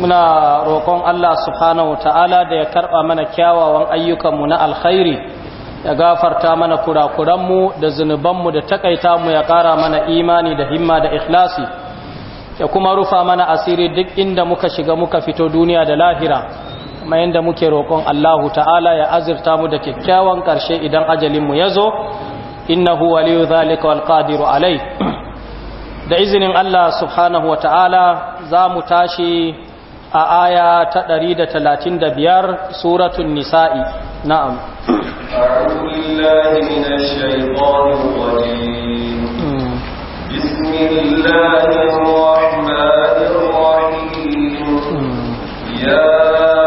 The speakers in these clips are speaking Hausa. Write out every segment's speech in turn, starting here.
muna roƙon Allah subhanahu ta'ala da ya karɓa mana kyawawan ayyukanmu na alkhairi ya gafarta mana kurakuranmu da zunubanmu da takaita mu ya ƙara mana imani da himma da ikhlasi ya kuma rufa mana asiri duk inda muka shiga muka fito duniya da lahira kuma yadda muke roƙon Allahu ta'ala ya azirta mu da kyakkyawan ƙarshe idan ajalinmu ya zo innahu waliyu zalika wal alai da izinin Allah subhanahu wa ta'ala za mu tashi a aya ta 135 suratun nisa'i na'am a'udhu billahi minash shaitanir rajim bismillahir rahmanir rahim hmm. ya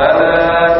فلا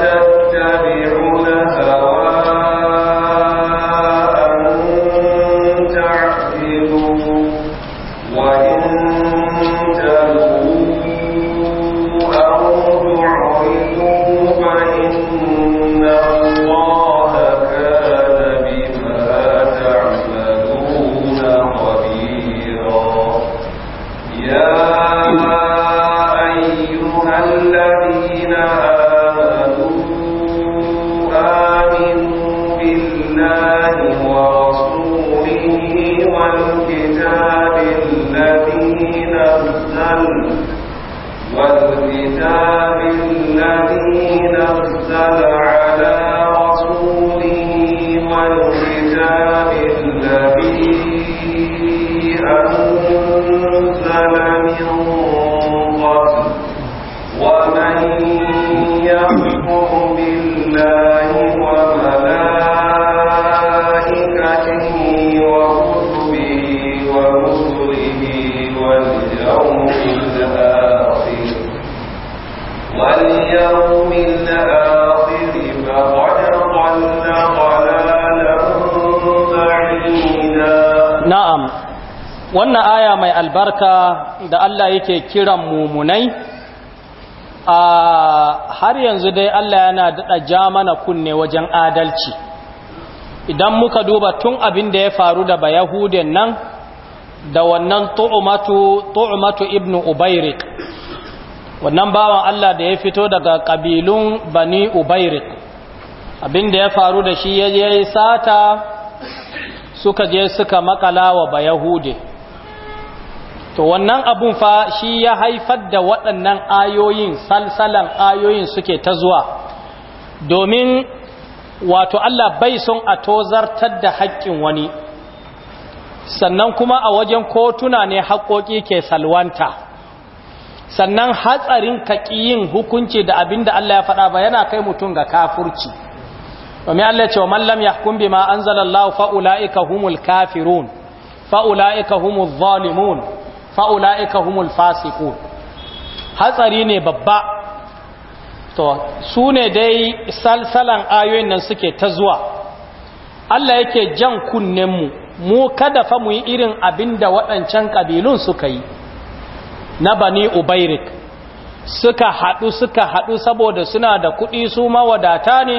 Allah yake kiran mumunai a har yanzu dai Allah yana daɗa ja mana kunne wajen adalci idan muka duba tun abin da ya faru da bayahuden nan da wannan tu'umatu ibnu ubairik wannan bawan Allah da ya fito daga ƙabilun bani ubairik abin da ya faru da shi ya yi sata suka je suka makalawa wa to wannan abun fa shi ya haifar da waɗannan ayoyin salsalan ayoyin suke ta zuwa domin wato Allah bai sun a tozartar da haƙƙin wani sannan kuma a wajen kotuna ne haƙoƙi ke salwanta sannan hatsarin kaƙiyin hukunci da abin da Allah ya faɗa ba yana kai mutum ga kafurci domin Allah ce wa mallam ya kumbi ma an zalallahu fa'ula'ika humul kafirun fa'ula'ika humul zalimun fa'ula'ika humul fasiku hatsari ne babba to su ne dai salsalan ayoyin nan suke ta zuwa Allah yake jan kunnen mu mu kada fa mu yi irin abinda da waɗancan ƙabilun suka yi na bani ubairik suka haɗu suka haɗu saboda suna da kuɗi su mawadata ne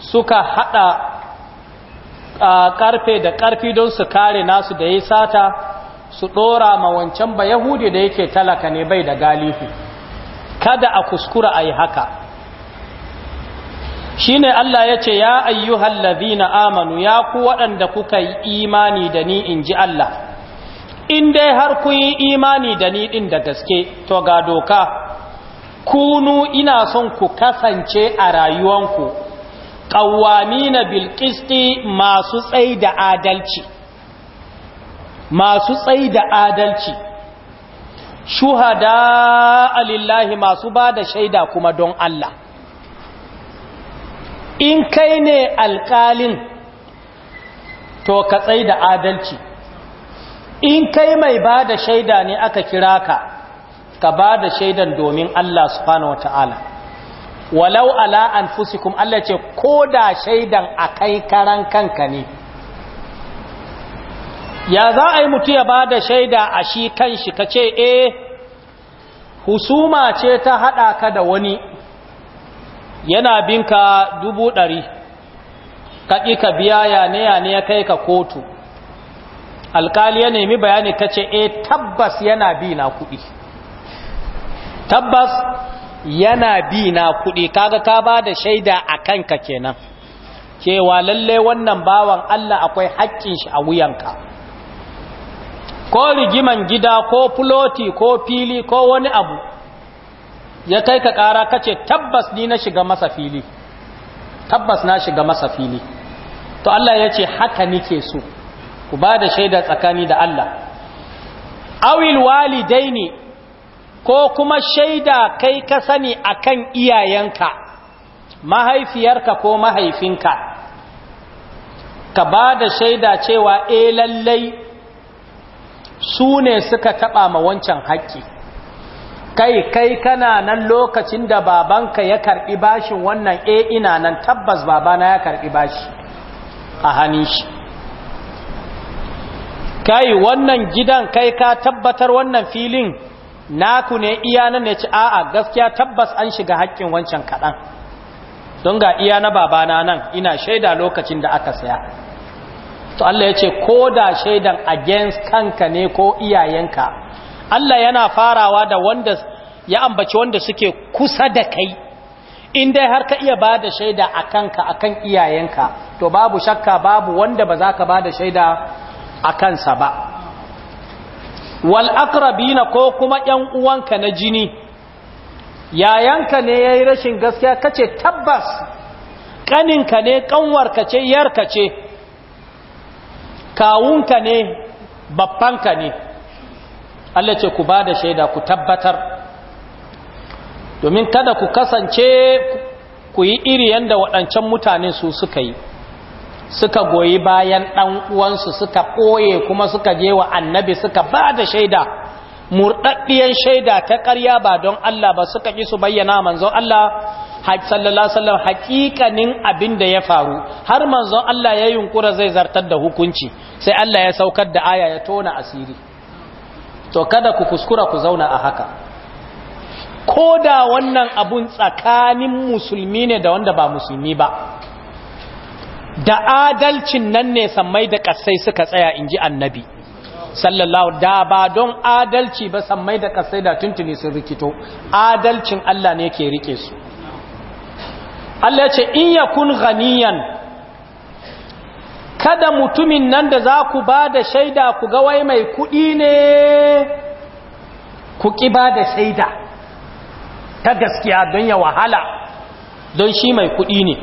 suka haɗa ƙarfe da ƙarfi don su kare nasu da ya sata su ɗora ma wancan ba yahudi da yake talaka ne bai da galifi kada a kuskura a haka shi ne Allah ya ce ya ayyuhallazi na amanu ya ku waɗanda kuka yi imani da ni in ji Allah in dai har ku yi imani da ni ɗin da gaske to ga doka kunu ina son ku kasance a rayuwanku ƙawwami na bilƙisti masu da adalci masu tsayi da adalci shuhada alillahi masu ba da shaida kuma don Allah in kai ne alkalin to ka tsayi da adalci in kai mai ba da shaida ne aka kira ka ka ba da shaidan domin Allah subhanahu wa ta'ala walau ala anfusikum Allah ce ko da shaidan a kai karan kanka ne ya za a yi mutu ya ba da shaida a shi kanshi ka ce e husuma ce ta haɗa ka da wani yana binka dubu dari ka ka biya yane yane ya kai ka kotu alkali ya nemi bayani ka ce e tabbas yana bi na kuɗi tabbas yana bi na kuɗi kaga ka ba da shaida a kanka kenan cewa lallai wannan bawan Allah akwai haƙƙin shi a wuyanka ko rigiman gida ko fuloti ko fili ko wani abu ya kai ka ƙara kace tabbas ni na shiga masa fili tabbas na shiga masa fili to Allah ya ce haka nike so ku ba da shaida tsakani da Allah awil walidaini ko kuma shaida kai ka sani akan iyayenka mahaifiyarka ko mahaifinka ka ba da shaida cewa eh lallai su ne suka taɓa ma wancan haƙƙi kai kai kana nan lokacin da babanka ya karɓi bashin wannan e ina nan tabbas babana ya karɓi bashi a hannun shi kai wannan gidan kai ka tabbatar wannan filin naku ne iya nan ne ci a'a gaskiya tabbas an shiga haƙƙin wancan kaɗan don ga iya na babana nan ina shaida lokacin da aka saya to Allah ya ce ko da shaidan against kanka ne ko iyayenka Allah yana farawa da wanda ya ambaci wanda suke kusa da kai in dai har ka iya ba da shaida a kanka a kan iyayenka to babu shakka babu wanda ba za ka ba da shaida a kansa ba Walakrabina ko kuma ‘yan uwanka na jini yayanka ne ya yi rashin gaskiya kace tabbas Kaninka ne ƙanwarka ce yarka ce kawunka ne babbanka ne Allah ce ku ba da shaida ku tabbatar domin kada ku kasance ku yi iri yadda waɗancan mutane su suka yi suka goyi bayan ɗan uwansu suka ɓoye kuma suka je wa annabi suka ba da shaida murɗaɗɗiyar shaida ta ƙarya ba don Allah ba suka ƙi su bayyana manzon Allah sallallahu hakikanin abin da ya faru har manzon Allah ya yunkura zai zartar da hukunci sai Allah ya saukar da aya ya tona asiri to kada ku kuskura ku zauna a haka ko da wannan abun tsakanin musulmi ne da wanda ba musulmi ba da adalcin nan ne sammai da kasai suka tsaya in ji annabi sallallahu da ba don adalci ba sammai da kasai da tuntuni sun rikito adalcin Allah ne ke rike su Allah ya ce in yakun ghaniyan kada mutumin nan da za ku ba da shaida ku ga wai mai kuɗi ne ku ƙi ba da shaida ta gaskiya don ya wahala don shi mai kuɗi ne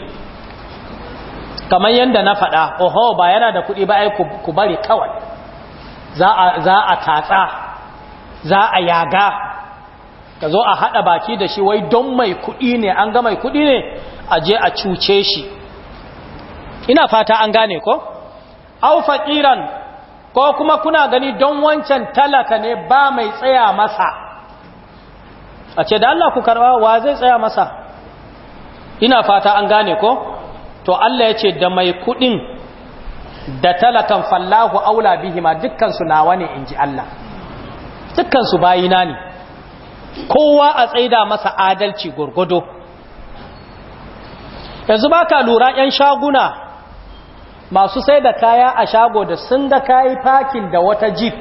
kamar yadda na faɗa oho ba yana da kuɗi ba ai ku bari kawai za a tatsa za a yaga ka zo a haɗa baki da shi wai don mai kuɗi ne an ga mai kuɗi ne a je a cuce shi ina fata an gane ko au ƙiran ko kuma kuna gani don wancan talaka ne ba mai tsaya masa a ce da Allah ku karba wa zai tsaya masa ina fata an gane ko to Allah ya ce da mai kuɗin da talakan fallahu aula bihima dukkansu nawa ne in ji Allah dukkansu bayina ne kowa a tsaida masa adalci gurgudo yanzu ba ka lura 'yan shaguna masu sai da kaya a shago da sun da kayi fakin da wata jeep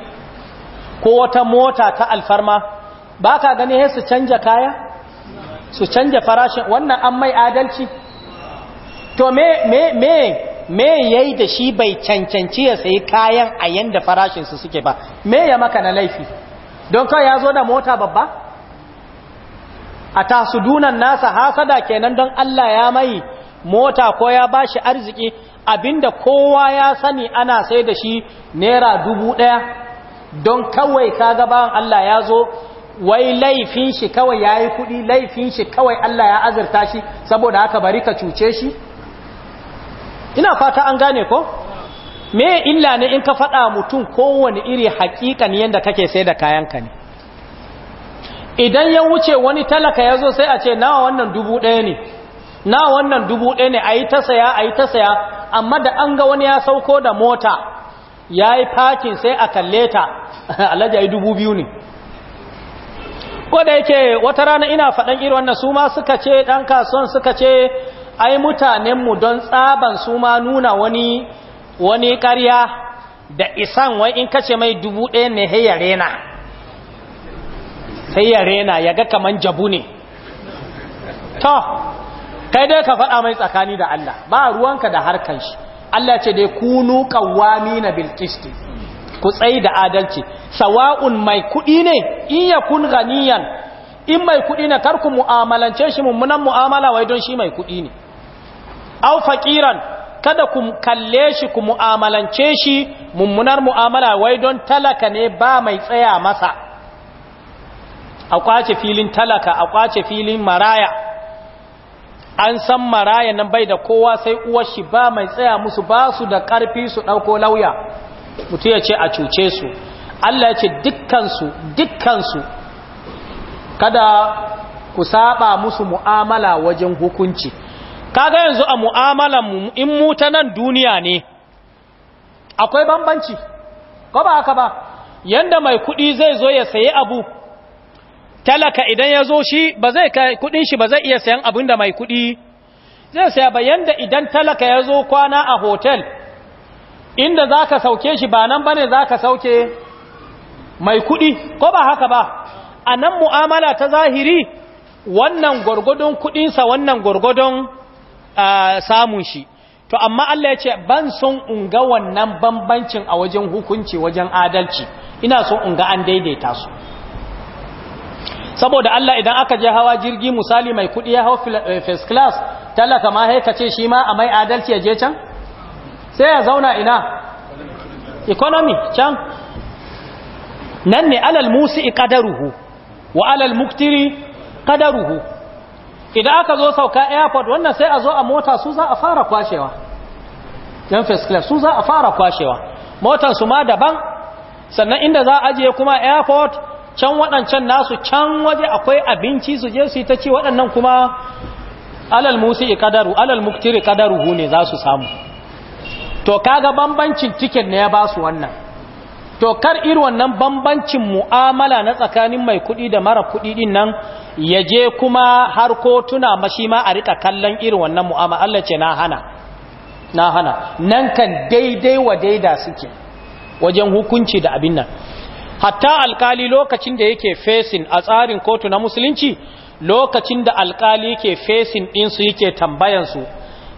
ko wata mota ta alfarma ba ka gani su canja kaya su canja farashin wannan an mai adalci to me me me me yayi da shi bai cancanci ya sayi kayan a yanda farashinsu suke ba me ya maka na laifi don kawai ya zo da mota babba a tasudunan nasa hasada kenan don Allah ya mai mota ko ya ba shi arziki abinda kowa ya sani ana sai da shi naira dubu ɗaya don kawai ka kaga bawan Allah ya zo wai laifin shi kawai ya yi kuɗi laifin shi kawai Allah ya azurta shi saboda haka bari ka cuce shi ina fata an gane ko me illa ne in ka faɗa mutum kowane iri haƙiƙan yadda kake sai da kayanka ne idan ya wuce wani talaka ya zo sai a ce nawa wannan dubu ɗaya ne nawa wannan dubu ɗaya ne a yi ta saya a yi ta saya amma da an ga wani ya sauko da mota ya yi fakin sai a kalle ta alhaji a yi dubu biyu ne ko da yake wata rana ina faɗan irin wannan su ma suka ce ɗan kasuwan suka ce ai mutanenmu don tsaban su ma nuna wani wani ƙarya da isan wai in kace mai dubu ɗaya ne heyare na sai ya rena ya ga kaman jabu ne to kai dai ka faɗa mai tsakani da Allah ba ruwanka da harkan shi Allah ce dai kunu qawwamina bil qist ku tsayi da adalci sawa'un mai kuɗi ne in yakun ganiyan in mai kuɗi ne kar ku mu'amalance shi mummunan mu'amala wai don shi mai kuɗi ne aw faqiran kada ku kalle shi ku mu'amalance shi mummunar mu'amala wai don talaka ne ba mai tsaya masa a kwace filin talaka a kwace filin maraya an san maraya nan bai da kowa sai uwar shi ba mai tsaya musu ba su da karfi su dauko lauya mutu ya ce a cuce su Allah ya ce dukkansu dukkansu kada ku saba musu mu'amala wajen hukunci kaga yanzu a mu'amalan mu in mu ta nan duniya ne akwai bambanci ko ba haka ba yanda mai kudi zai zo ya sayi abu talaka idan ya zo shi ba zai kudin shi ba zai iya sayan abin da mai kudi zai saya ba yanda idan talaka ya zo kwana a hotel inda za ka sauke shi ba nan ba ne za ka sauke mai kudi ko ba haka ba a nan mu'amala ta zahiri wannan gwargwadon kudinsa wannan gwargwadon samun shi to amma Allah ya ce ban son unga wannan bambancin a wajen hukunci wajen adalci ina son unga an daidaita su saboda Allah idan aka je hawa jirgi misali mai kudi ya hau eh, first class talaka ma haika ce shi ma a mai adalci ya je can sai ya zauna ina economy can nan ne alal musi qadaruhu wa alal muktiri qadaruhu idan aka zo sauka airport wannan sai a zo a mota su za a fara kwashewa yan first class su za a fara kwashewa motar su ma daban sannan inda za a ajiye kuma airport can waɗancan nasu can waje akwai abinci su je su yi ta ci waɗannan kuma alal musi kadaru alal muktiri kadaru ne za su samu to kaga bambancin tiket na ya ba su wannan to kar ir wannan bambancin mu'amala na tsakanin mai kuɗi da mara kuɗi din nan ya je kuma har kotuna mashi ma a rika kallon irin wannan mu'amala Allah ce na hana na hana nan kan daidai wa daida suke wajen hukunci da abin nan hatta alkali lokacin da yake fesin a tsarin kotu na musulunci lokacin da alkali yake fesin su yake su,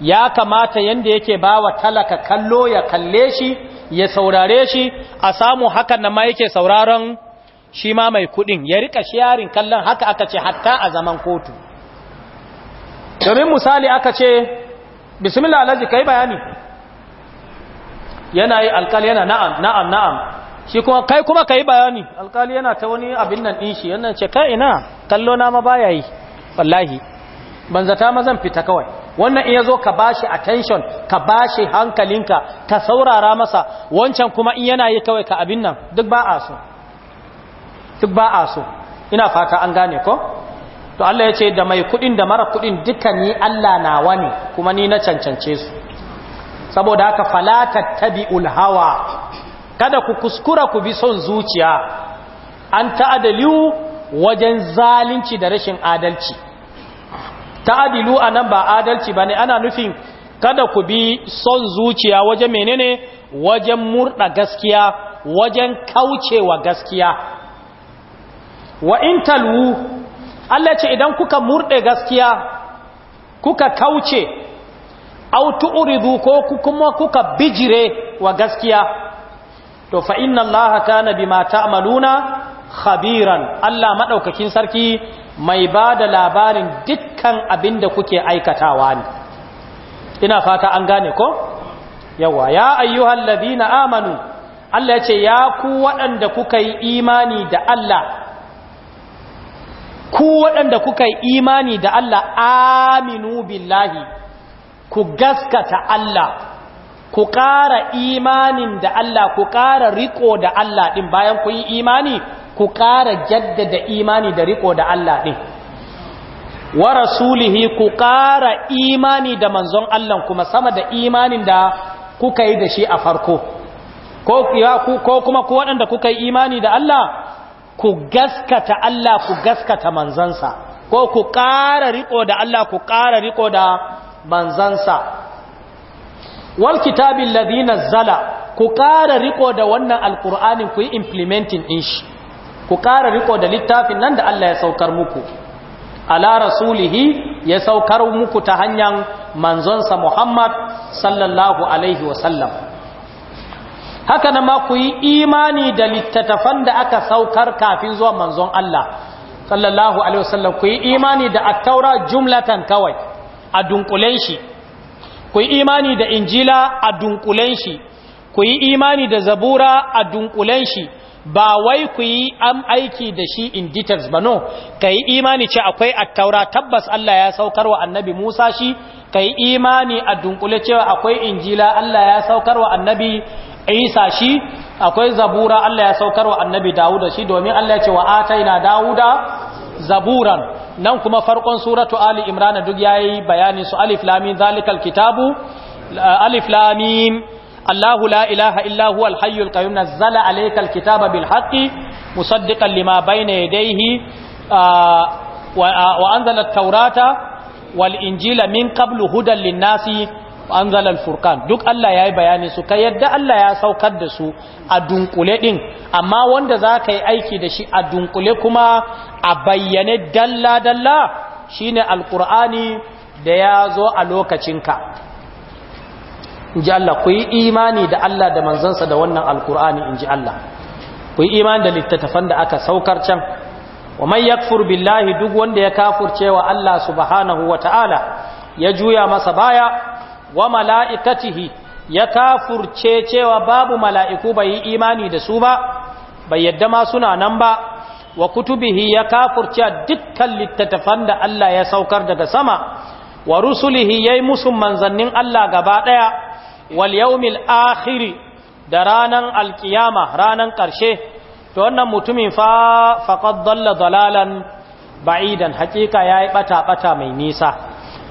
ya kamata yadda yake ba wa talaka kallo ya kalle shi ya saurare shi a samu hakan na ma yake sauraron shi ma mai kuɗi, ya rika shiyarin kallon haka aka ce hatta a zaman kotu domin misali aka ce bismillah alhaji kai bayani yana yi alkali yana na'am na'am na'am shi kuma kai kuma ka yi bayani alkali yana ta wani abin nan ɗin shi yana ce ka ina kallo na ma baya yi wallahi ban zata ma zan fita kawai wannan in yazo zo ka bashi attention ka bashi hankalinka ka saurara masa wancan kuma in yana yi kawai ka abin nan duk ba a so duk ba a so ina fata an gane ko to Allah ya ce da mai kuɗin da mara kuɗin duka ni Allah nawa ne kuma ni na cancance su saboda haka falatat tabi'ul hawa kada ku kuskura ku bi son zuciya an ta'adaliu wajen zalunci da rashin adalci ta'adilu anan ba adalci bane ana nufin kada ku bi son zuciya wajen menene wajen murda gaskiya wajen kaucewa gaskiya wa in talu Allah ce idan kuka murde gaskiya kuka kauce autu uridu ko kuma kuka bijire wa gaskiya to fa inna allaha kana bima ta'maluna khabiran Allah madaukakin sarki mai bada labarin dukkan abin da kuke aikatawa ne ina fata an gane ko yawa ya ayyuhal ladina amanu Allah yace ya ku waɗanda kuka yi imani da Allah ku waɗanda kuka yi imani da Allah aminu billahi ku gaskata Allah ku ƙara imanin da Allah ku ƙara riko da Allah ɗin bayan ku yi imani ku ƙara jaddada imani da riko da Allah ɗin wa rasulihi ku ƙara imani da manzon Allah kuma sama da imanin da kuka yi da shi a farko ko kuma ku waɗanda kuka yi imani da Allah ku gaskata Allah ku gaskata manzansa ko ku ƙara riko da Allah ku ƙara riko da manzansa wal kitabin ladina zala ku ƙara riko da wannan alƙur'anin ku yi implementing in shi ku ƙara riko da littafin nan da Allah ya saukar muku ala rasulihi ya saukar muku ta hanyar manzonsa Muhammad sallallahu alaihi wasallam haka na ma ku yi imani da littattafan da aka saukar kafin zuwa manzon Allah sallallahu alaihi wasallam ku yi imani da attaura jumlatan kawai a dunkulen shi ku yi imani da injila a dunkulen shi ku yi imani da zabura a dunkulen shi ba wai ku yi am aiki da shi in details ba no ka yi imani ce akwai a taura tabbas Allah ya saukar wa annabi Musa shi ka yi imani a dunkule cewa akwai injila Allah ya saukar wa annabi Isa shi akwai zabura Allah ya saukar wa annabi Dawuda shi domin Allah ya ce wa ataina Dawuda zaburan nan kuma farkon suratu ali imran duk yayi bayanin su alif lam zalikal kitabu alif lam Allahu la ilaha illa huwa al-hayyul qayyum nazzala alaykal kitaba bil haqqi musaddiqan lima bayna yadayhi wa anzala at-taurata wal injila min qablu hudan lin-nasi anzala al furkan duk Allah ya yi bayani su ka yadda Allah ya saukar da su a dunkule ɗin amma wanda za ka yi aiki da shi a dunkule kuma a bayyane dalla dalla shine al-qur'ani da ya zo a lokacinka inji Allah ku yi imani da Allah da manzansa da wannan alkur'ani qurani inji Allah ku yi imani da littattafan da aka saukar can wa mai yakfur billahi duk wanda ya kafurcewa Allah subhanahu wa ta'ala ya juya masa baya wa mala'ikatihi ya kafurce cewa babu mala'iku bai yi imani da su ba bai yadda ma suna nan ba wa kutubihi ya kafurce dukkan littattafan da Allah ya saukar daga sama wa rusulihi ya yi musu manzannin Allah gaba ɗaya wal yaumil akhiri da ranan alkiyama ranan ƙarshe Ta wannan mutumin fa faqad dalalan ba'idan hakika yayi bata mai nisa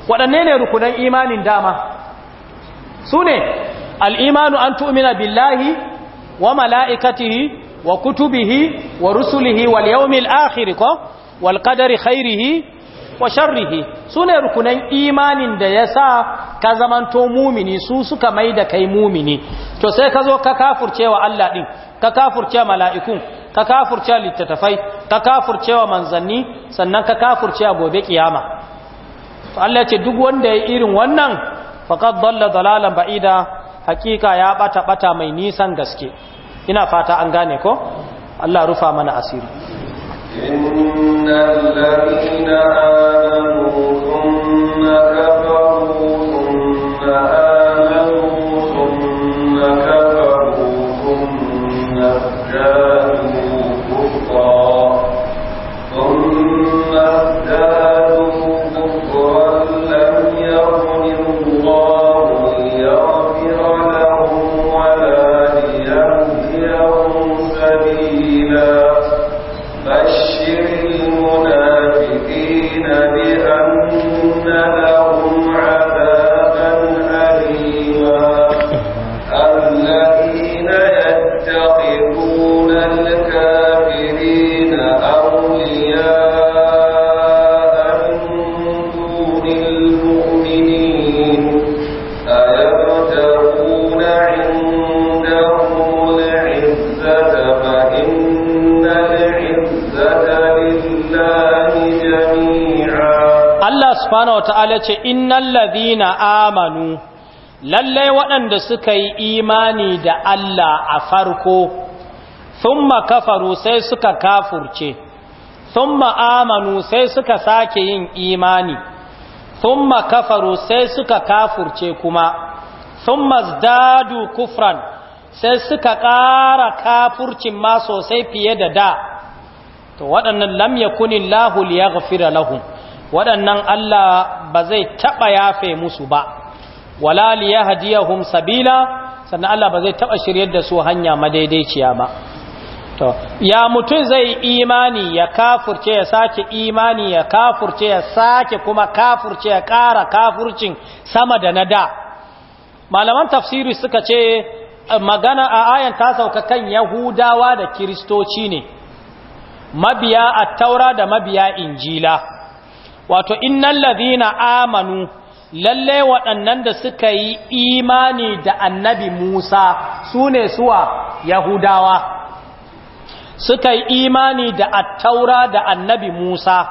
waɗanne ne rukunan imanin dama su ne al'imanu an tu'umina billahi wa mala'ikatihi wa kutubihi wa rusulihi wal yaumil akhiri ko wal qadari khairihi wa sharrihi su ne rukunan imanin da ya sa ka zamanto mumini su suka mai da kai mumini to sai ka zo ka kafurcewa Allah ɗin ka kafurce mala'ikun ka kafurce littattafai ka kafurcewa manzanni sannan ka kafurce gobe kiyama to Allah ce duk wanda ya irin wannan faqad dalla dalalan ba'ida hakika ya bata bata mai nisan gaske ina fata an gane ko Allah rufa mana asiri innal ladina amanu innal ladhina amanu lalle waɗanda suka yi imani da Allah a farko thumma kafaru sai suka kafurce thumma amanu sai suka sake yin imani thumma kafaru sai suka kafurce kuma thumma zdadu kufran sai suka ƙara kafurcin ma sosai fiye da da to waɗannan lam yakunillahu lahu liyaghfira lahum waɗannan Allah ba zai taɓa yafe musu ba wala liyahdiyahum sabila sannan Allah ba zai taɓa shiryar da su hanya madaidaiciya ba to ya mutum zai imani ya kafurce ya sake imani ya kafurce ya sake kuma kafurce ya ƙara kafurcin sama da na da malaman tafsiri suka ce magana a ayan ta sauka kan yahudawa da kiristoci ne mabiya taura da mabiya injila wato innal ladhina amanu lalle waɗannan da suka yi imani da annabi Musa sune suwa Yahudawa suka yi imani da attaura da annabi Musa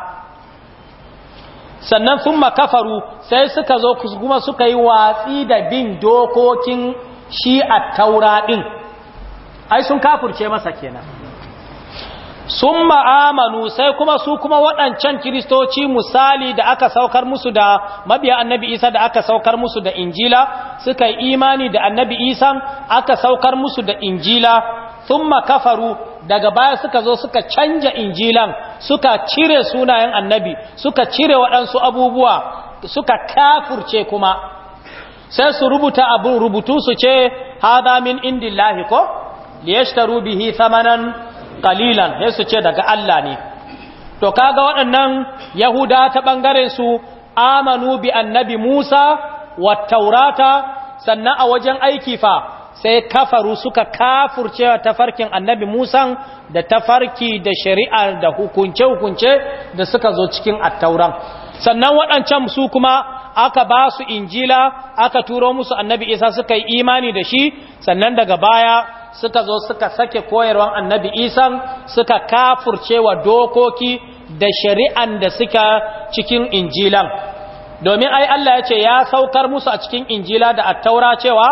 sannan sun makafaru sai suka zo kuma suka yi watsi da bin dokokin shi attaura ɗin ai sun kafurce masa kenan sun ma'amanu sai kuma su kuma waɗancan kiristoci misali da aka saukar musu da mabiya annabi isa da aka saukar musu da injila suka yi imani da annabi isa aka saukar musu da injila sun kafaru daga baya suka zo suka canja injilan suka cire sunayen annabi suka cire waɗansu abubuwa suka kafurce kuma sai su rubuta abin rubutu su ce hada min indillahi ko liyashtaru bihi thamanan qalilan sai su ce daga Allah ne to kaga waɗannan yahuda ta bangaren su amanu bi annabi Musa wa taurata sannan a wajen aiki fa sai kafaru suka kafurcewa tafarkin annabi Musa da tafarki da shari'a da hukunce-hukunce da suka zo cikin attauran sannan waɗancan su kuma aka ba su injila aka turo musu annabi isa suka yi imani da shi sannan daga baya suka zo suka sake koyarwan annabi isan suka kafurcewa dokoki da shari'an da suka cikin injilan domin ai Allah ya ce ya saukar musu a cikin injila da attaura cewa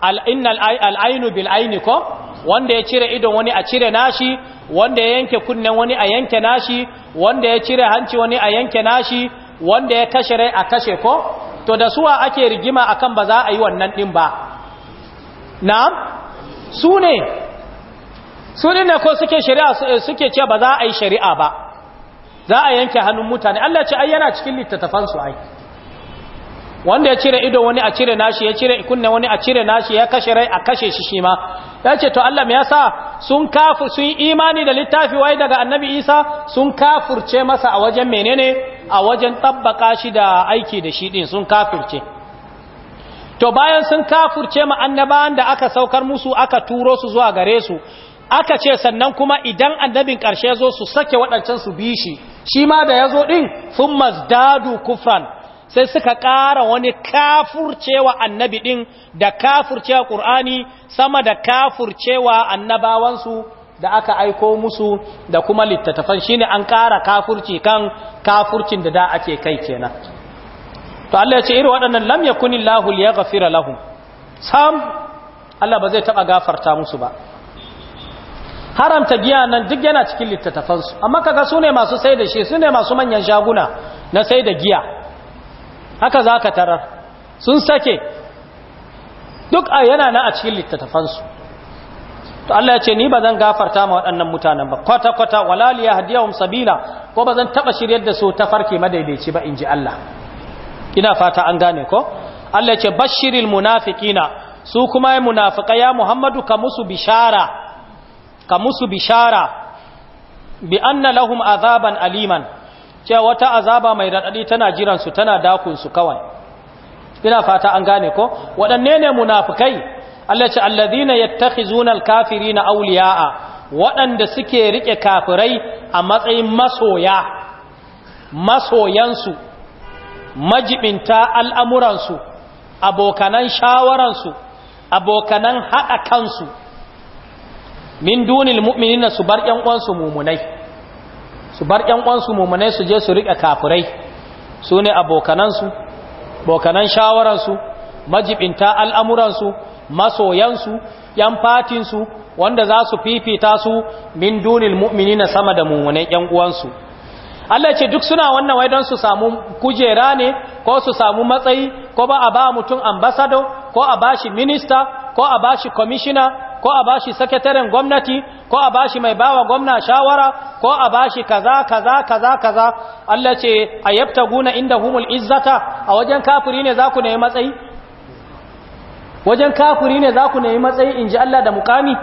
al'innal al'ainu bil'aini ko wanda ya cire idon wani a cire nashi wanda ya yanke kunnen wani a yanke nashi wanda ya cire hanci wani a yanke nashi wanda ya kashe rai a kashe ko to da suwa ake rigima akan ba za a yi wannan din ba na'am su ne su ne ko suke shari'a eh, suke ce ba za a yi shari'a ba za a yanke hannun mutane Allah ce ai yana cikin littattafansu ai wanda ya cire ido wani a cire nashi ya cire ikunne wani a cire nashi ya kashe rai a kashe shi shi ma ya ce to Allah me yasa sun kafir sun imani da littafi wai daga annabi Isa sun kafurce masa a wajen menene a wajen tabbaka shi da aiki da shi din sun kafurce. to bayan sun kafurce ma annabawan da aka saukar musu aka turo su zuwa gare su aka ce sannan kuma idan annabin ƙarshe zo su sake waɗancan su bi shi shi ma da ya zo ɗin sun mazdadu kufran sai suka ƙara wani kafurcewa annabi ɗin da kafurcewa ƙur'ani sama da kafurcewa annabawansu da aka aiko musu da kuma littattafan shine an ƙara kafurci kan kafurcin da da ake kai kenan to Allah ya ce irin waɗannan lam yakunillahu liyaghfira lahu, sam Allah ba zai taba gafarta musu ba haramta giya nan duk yana cikin littattafansu amma kaga su ne masu sai da shi su ne masu manyan shaguna na sai da giya haka za ka tarar sun sake duk a yana na a cikin littattafansu to Allah ya ce ni ba zan gafarta ma waɗannan mutanen ba kwata-kwata walaliya hadiyahum sabila ko ba zan taɓa shiryar da su ta farke madaidaici ba in ji Allah ina fata an gane ko Allah ce bashiril munafiqina su kuma munafiqai ya Muhammadu ka musu bishara ka musu bishara bi anna lahum azaban aliman ce wata azaba mai radadi tana jiran su tana dakun su kawai ina fata an gane ko waɗanne ne munafikai Allah ce alladhina yattakhizuna alkafirina awliya'a waɗanda suke rike kafirai a matsayin masoya masoyansu majibinta al'amuransu abokanan shawaransu abokanan haɗa kansu min dunil na su bar ‘yan'uwansu mummunai. su bar ‘yan'uwansu mummunai su je su riƙa kafurai su ne abokanansu abokanan shawaransu majibinta al'amuransu masoyansu ‘yan fatinsu wanda za su fifita su min dunil na sama da 'yan ‘yan'uwansu’ Allah ce duk suna wannan wai don su samu kujera ne ko su samu matsayi ko ba a ba mutum ambasado ko a ba shi minista ko a ba shi commissioner ko a ba shi sakataren gwamnati ko a ba shi mai bawa gwamna shawara ko a ba shi kaza kaza kaza kaza Allah ce a inda humul izzata a wajen kafiri ne za ku nemi matsayi wajen kafiri ne za ku nemi matsayi in ji Allah da mukami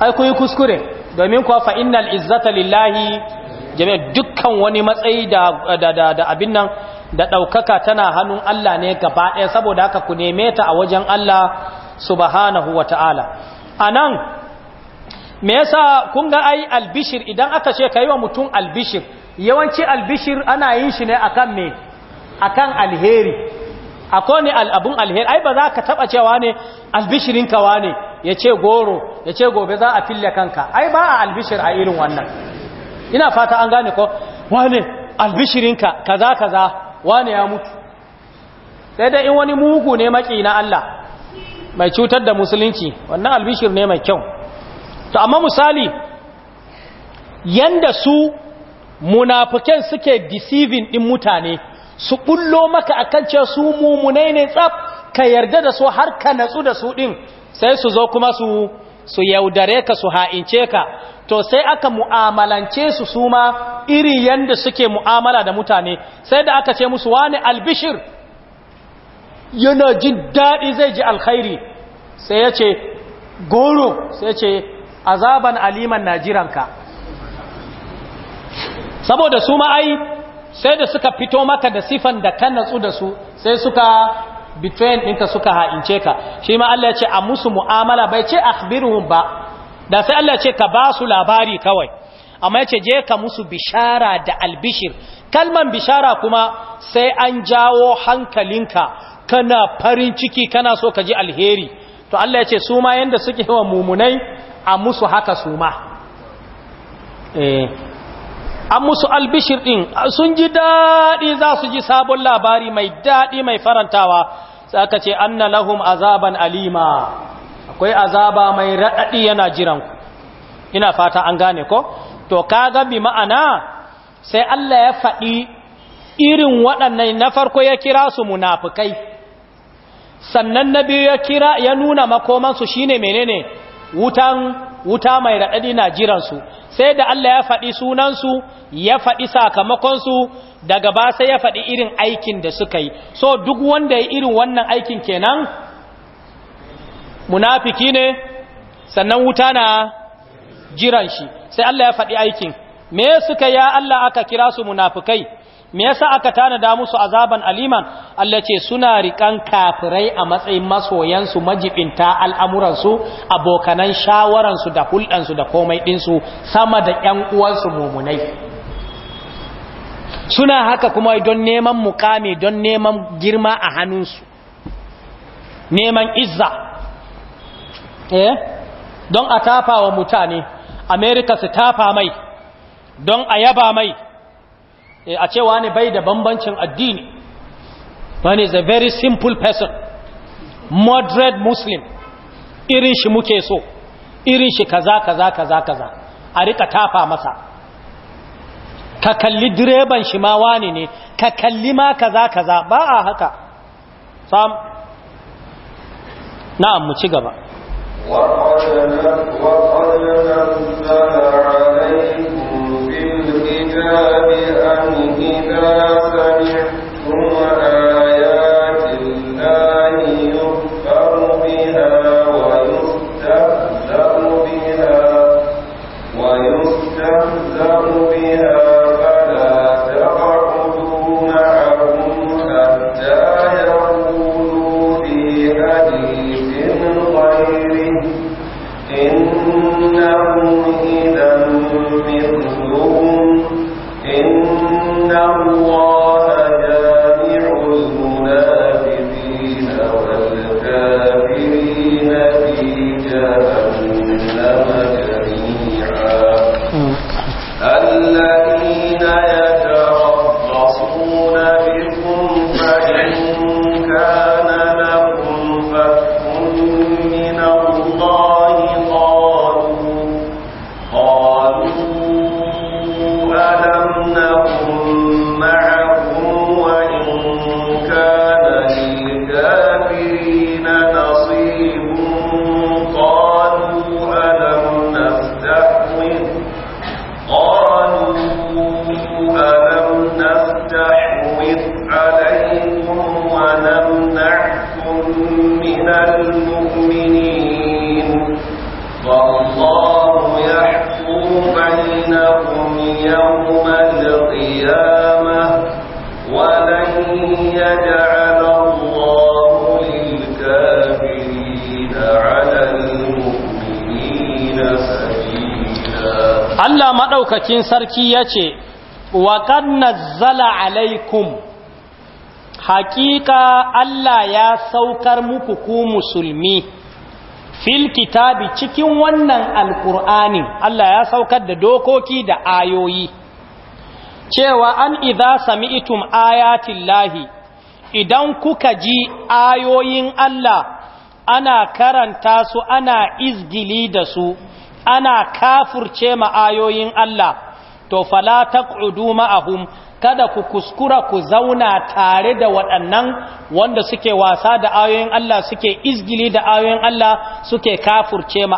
ai ku yi kuskure domin kuwa fa innal izzata lillahi jami'a dukkan wani matsayi da abin nan da ɗaukaka tana hannun Allah ne gaba ɗaya saboda haka ku neme ta a wajen Allah subhanahu A anan me yasa kun ga ai albishir idan aka ce yi wa mutum albishir yawanci albishir ana yin shi ne akan me akan alheri akwai ne al'abun alheri ai ba za ka taba cewa ne albishirinka wane ya ce goro ya ce gobe za a fille kanka ai ba a albishir a irin wannan ina fata an gane ko wane albishirinka kaza kaza wane ya mutu sai dai in wani mugu ne maki na Allah mai cutar da musulunci wannan albishir ne mai kyau to amma misali yanda su munafiken suke deceiving din mutane su bullo maka akan cewa su mumunai ne tsaf ka yarda da su har ka natsu da su din sai su zo kuma su su yaudare ka su ha'ince ka to sai aka mu'amalance su suma iri yanda suke mu'amala da mutane sai da aka ce musu wani albishir yana jin daɗi zai ji alkhairi sai ya ce goro sai ya ce azaban aliman na jiranka saboda su ai sai da suka fito maka da sifan da kan natsu da su sai suka betrayin ɗinka suka ha'ince ka shi ma Allah ya ce a musu mu'amala bai ce akhbiruhum ba da sai Allah ce ka ba su labari kawai amma ya ce je ka musu bishara da albishir kalman bishara kuma sai an jawo hankalinka kana farin ciki kana so ka ji alheri to Allah ya ce su ma yanda suke wa mumunai a musu haka su ma eh, an musu albishir ɗin sun ji daɗi za su ji sabon labari mai daɗi mai farantawa sai aka ce anna lahum azaban alima akwai azaba mai raɗaɗi yana jiran ku ina fata an gane ko to kaga bi ma'ana sai Allah ya faɗi irin waɗannan na farko ya kira su munafikai sannan na biyu ya kira ya nuna makomansu shine menene wutan wuta mai raɗaɗi na jiransu sai da Allah ya faɗi sunansu ya faɗi sakamakonsu daga ba sai ya faɗi irin aikin da suka yi so duk wanda ya irin wannan aikin kenan munafiki ne sannan wuta na jiran shi sai Allah ya faɗi aikin me suka ya Allah aka kira su munafikai me yasa aka tanada musu azaban aliman Allah ce suna riƙan kafirai a matsayin masoyansu majibinta al'amuransu abokanan shawaransu da hulɗansu da komai ɗinsu sama da ‘yan uwansu mumunai suna haka kuma don neman mukami don neman girma a hannunsu neman izza eh don a tafa wa mutane america su tafa mai don a yaba mai eh, a cewa ne bai da bambancin addini wani is a very simple person moderate muslim irin shi muke so irin shi kaza kaza kaza kaza a rika tafa masa ka kalli direban shi ma wani ne ka kalli ma kaza kaza ba a haka sam na'am mu ci gaba وقد عليكم بالكتاب أن إذا سمعتم آية maɗaukakin sarki ya ce wa nazzala alaikum haƙiƙa Allah ya saukar muku ku musulmi fil kitabi cikin wannan alƙur'anin Allah ya saukar da dokoki da ayoyi cewa an idza sami'tum ayatin lahi idan kuka ji ayoyin Allah ana karanta su ana izgili da su ana kafurce ma'ayoyin Allah to fala taq'udu ma'ahum kada ku kuskura ku zauna tare da waɗannan wanda suke wasa da ayoyin Allah suke izgili da ayoyin Allah suke kafurce ma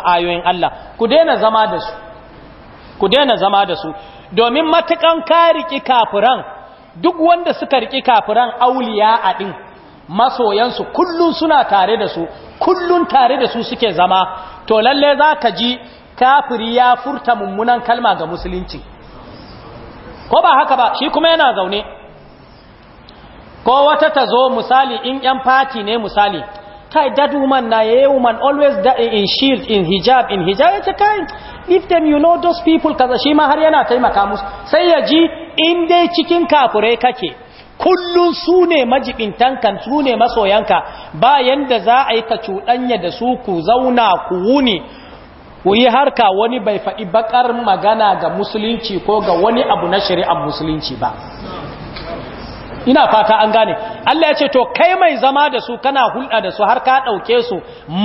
Allah ku daina zama da su ku daina zama da su domin matukan ka riƙi kafiran duk wanda suka riki kafiran auliya a din masoyansu kullun suna tare da su kullun tare da su suke zama to lalle za ka ji kafiri ya furta mummunan kalma ga musulunci ko ba haka ba shi kuma yana zaune ko wata ta zo misali in yan fati ne misali kai dad woman na ye eh, woman always da eh, in shield in hijab in hijab yace kai if them you know those people kaza shi ma har yana taimaka musu sai ya ji in dai cikin kafurai kake kullun su ne majibintankan su ne masoyanka bayan da za a yi ka cuɗanya da su ku zauna ku wuni ku yi harka wani bai faɗi bakar magana ga musulunci ko ga wani abu na shari'ar musulunci ba ina fata an gane Allah ya ce to kai mai zama da su kana hulɗa da su har ka ɗauke su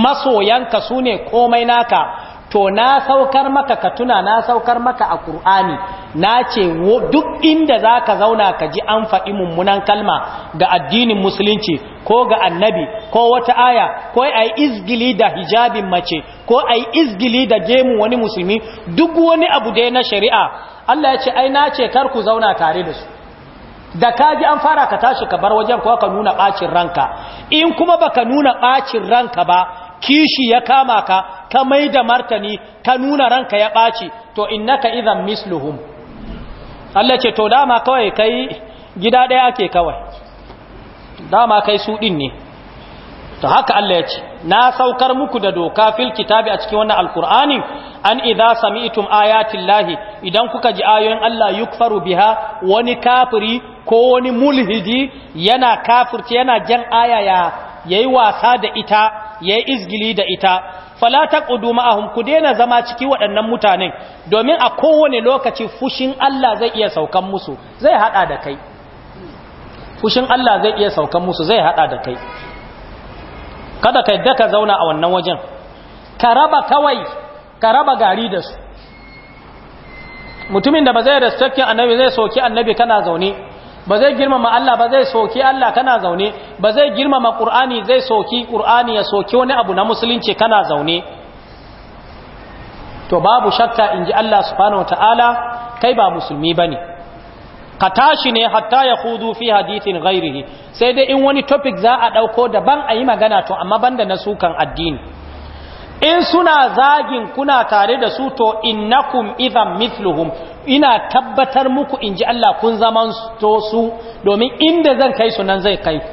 masoyanka su ne komai naka to na saukar maka ka tuna na saukar maka a Kur'ani na ce duk inda za ka zauna ka ji an faɗi mummunan kalma ga addinin musulunci ko ga annabi ko wata aya ko a yi izgili da hijabin mace ko a yi izgili da gemu wani musulmi duk wani abu dai na shari'a Allah ya ce ai na ce kar ku zauna tare da su da kaji an fara ka tashi ka bar wajen ko ka nuna bacin ranka in kuma baka nuna ɓacin ranka ba kishi ya kama ka ka mai da martani ka nuna ranka ya ɓaci to innaka idan misluhum Allah ce to dama kawai kai gida ɗaya ake kawai dama kai su ɗin ne to haka Allah ya ce na saukar muku da doka fil kitabi a cikin wannan alkur'ani an idza sami'tum ayatin lahi idan kuka ji ayoyin Allah yukfaru biha wani kafiri ko wani mulhidi yana kafirce yana jan ayaya ya yayi wasa da ita ya yi izgili da ita falata ƙuduma ahun ku daina zama ciki waɗannan mutanen domin a kowane lokaci fushin Allah zai iya saukan musu zai haɗa da kai fushin Allah zai iya saukan musu zai haɗa da kai kada ka yadda ka zauna a wannan wajen ka raba kawai ka raba gari da su mutumin da ba zai respectin annabi zai soki annabi kana zaune ba zai girmama Allah ba zai soki Allah kana zaune ba zai girmama Qur'ani zai soki Qur'ani ya soki wani abu na musulunci kana zaune to babu shakka inji Allah subhanahu wataala kai ba musulmi bane ka tashi ne hatta ya fi hadithin ghairihi sai dai in wani topic za a dauko daban a yi magana to amma banda na sukan addini in suna zagin kuna tare da su to innakum idan mithluhum ina tabbatar muku inji Allah kun zaman to su domin inda zan kai su nan zai kai ku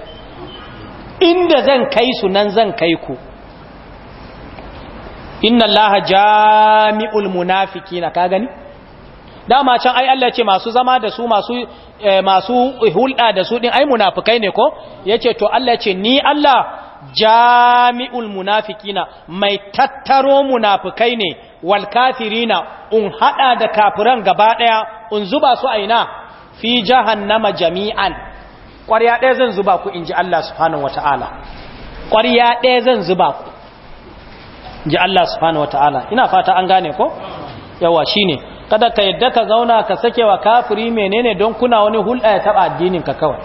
inda zan kai su nan zan kai ku inna Allaha jami'ul munafiqina ka gani dama can ai Allah ce masu zama da su masu eh, masu hulɗa da su din ai munafikai ne ko yace to Allah ce ni Allah jami'ul munafikina mai tattaro munafikai ne wal kafirina un hada da kafiran gaba daya un zuba su aina fi jahannama jami'an ƙwariya ɗaya zan zuba ku in ji Allah subhanahu ta’ala ƙwariya ɗaya zan zuba ku ji Allah subhanahu ta'ala. ina fata an gane ko yawa ne. kada ka yadda ka zauna ka sake wa kafiri menene don kuna wani hulɗa ya taɓa addininka kawai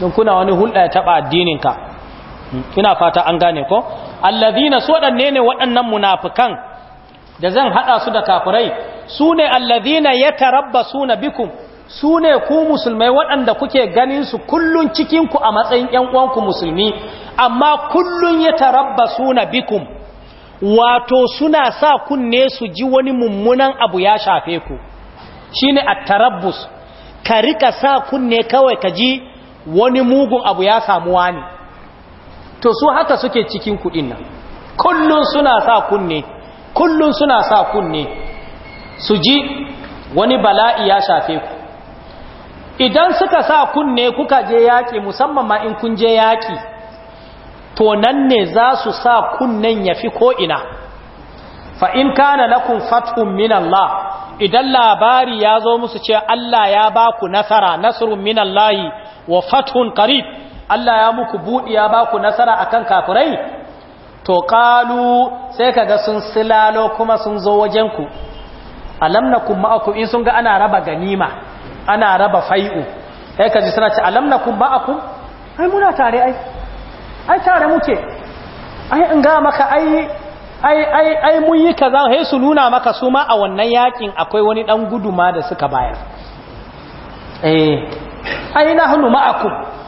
don kuna wani hulɗa ya taɓa addininka ina fata an gane ko allazina su waɗanne ne waɗannan munafikan da zan haɗa su da kafirai su ne allazina ya su na bikum su ne ku musulmai waɗanda kuke ganin su kullun cikinku a matsayin ‘yan uwanku musulmi amma kullun ya su na bikum wato suna sa kunne su ji wani mummunan abu ya shafe ku shine a ka rika sa kunne kawai ka ji wani mugun abu ya samuwa ne to su haka suke cikin kudin nan kullum suna sa kunne kullun suna sa kunne su ji wani bala'i ya shafe ku idan suka sa kunne kuka je yaƙi musamman ma in kun je yaƙi to nan ne za su sa kunnen ya fi ko'ina fa in kana lakum fathun min Allah idan labari ya zo musu ce Allah ya ba ku nasara nasrun min Allah wa fathun qarib Allah ya muku buɗi ya baku nasara akan kafirai to qalu sai kaga sun silalo kuma sun zo wajen ku alam nakum ma'akum in sun ga ana raba ganima ana raba fai'u sai kaji suna ce alam nakum ma'akum ai muna tare ai ai tare muke ai in ga maka ai ai ai ai mun yi kaza sai su nuna maka su ma a wannan yakin akwai wani dan guduma da suka bayar eh ai nahnu ma'akum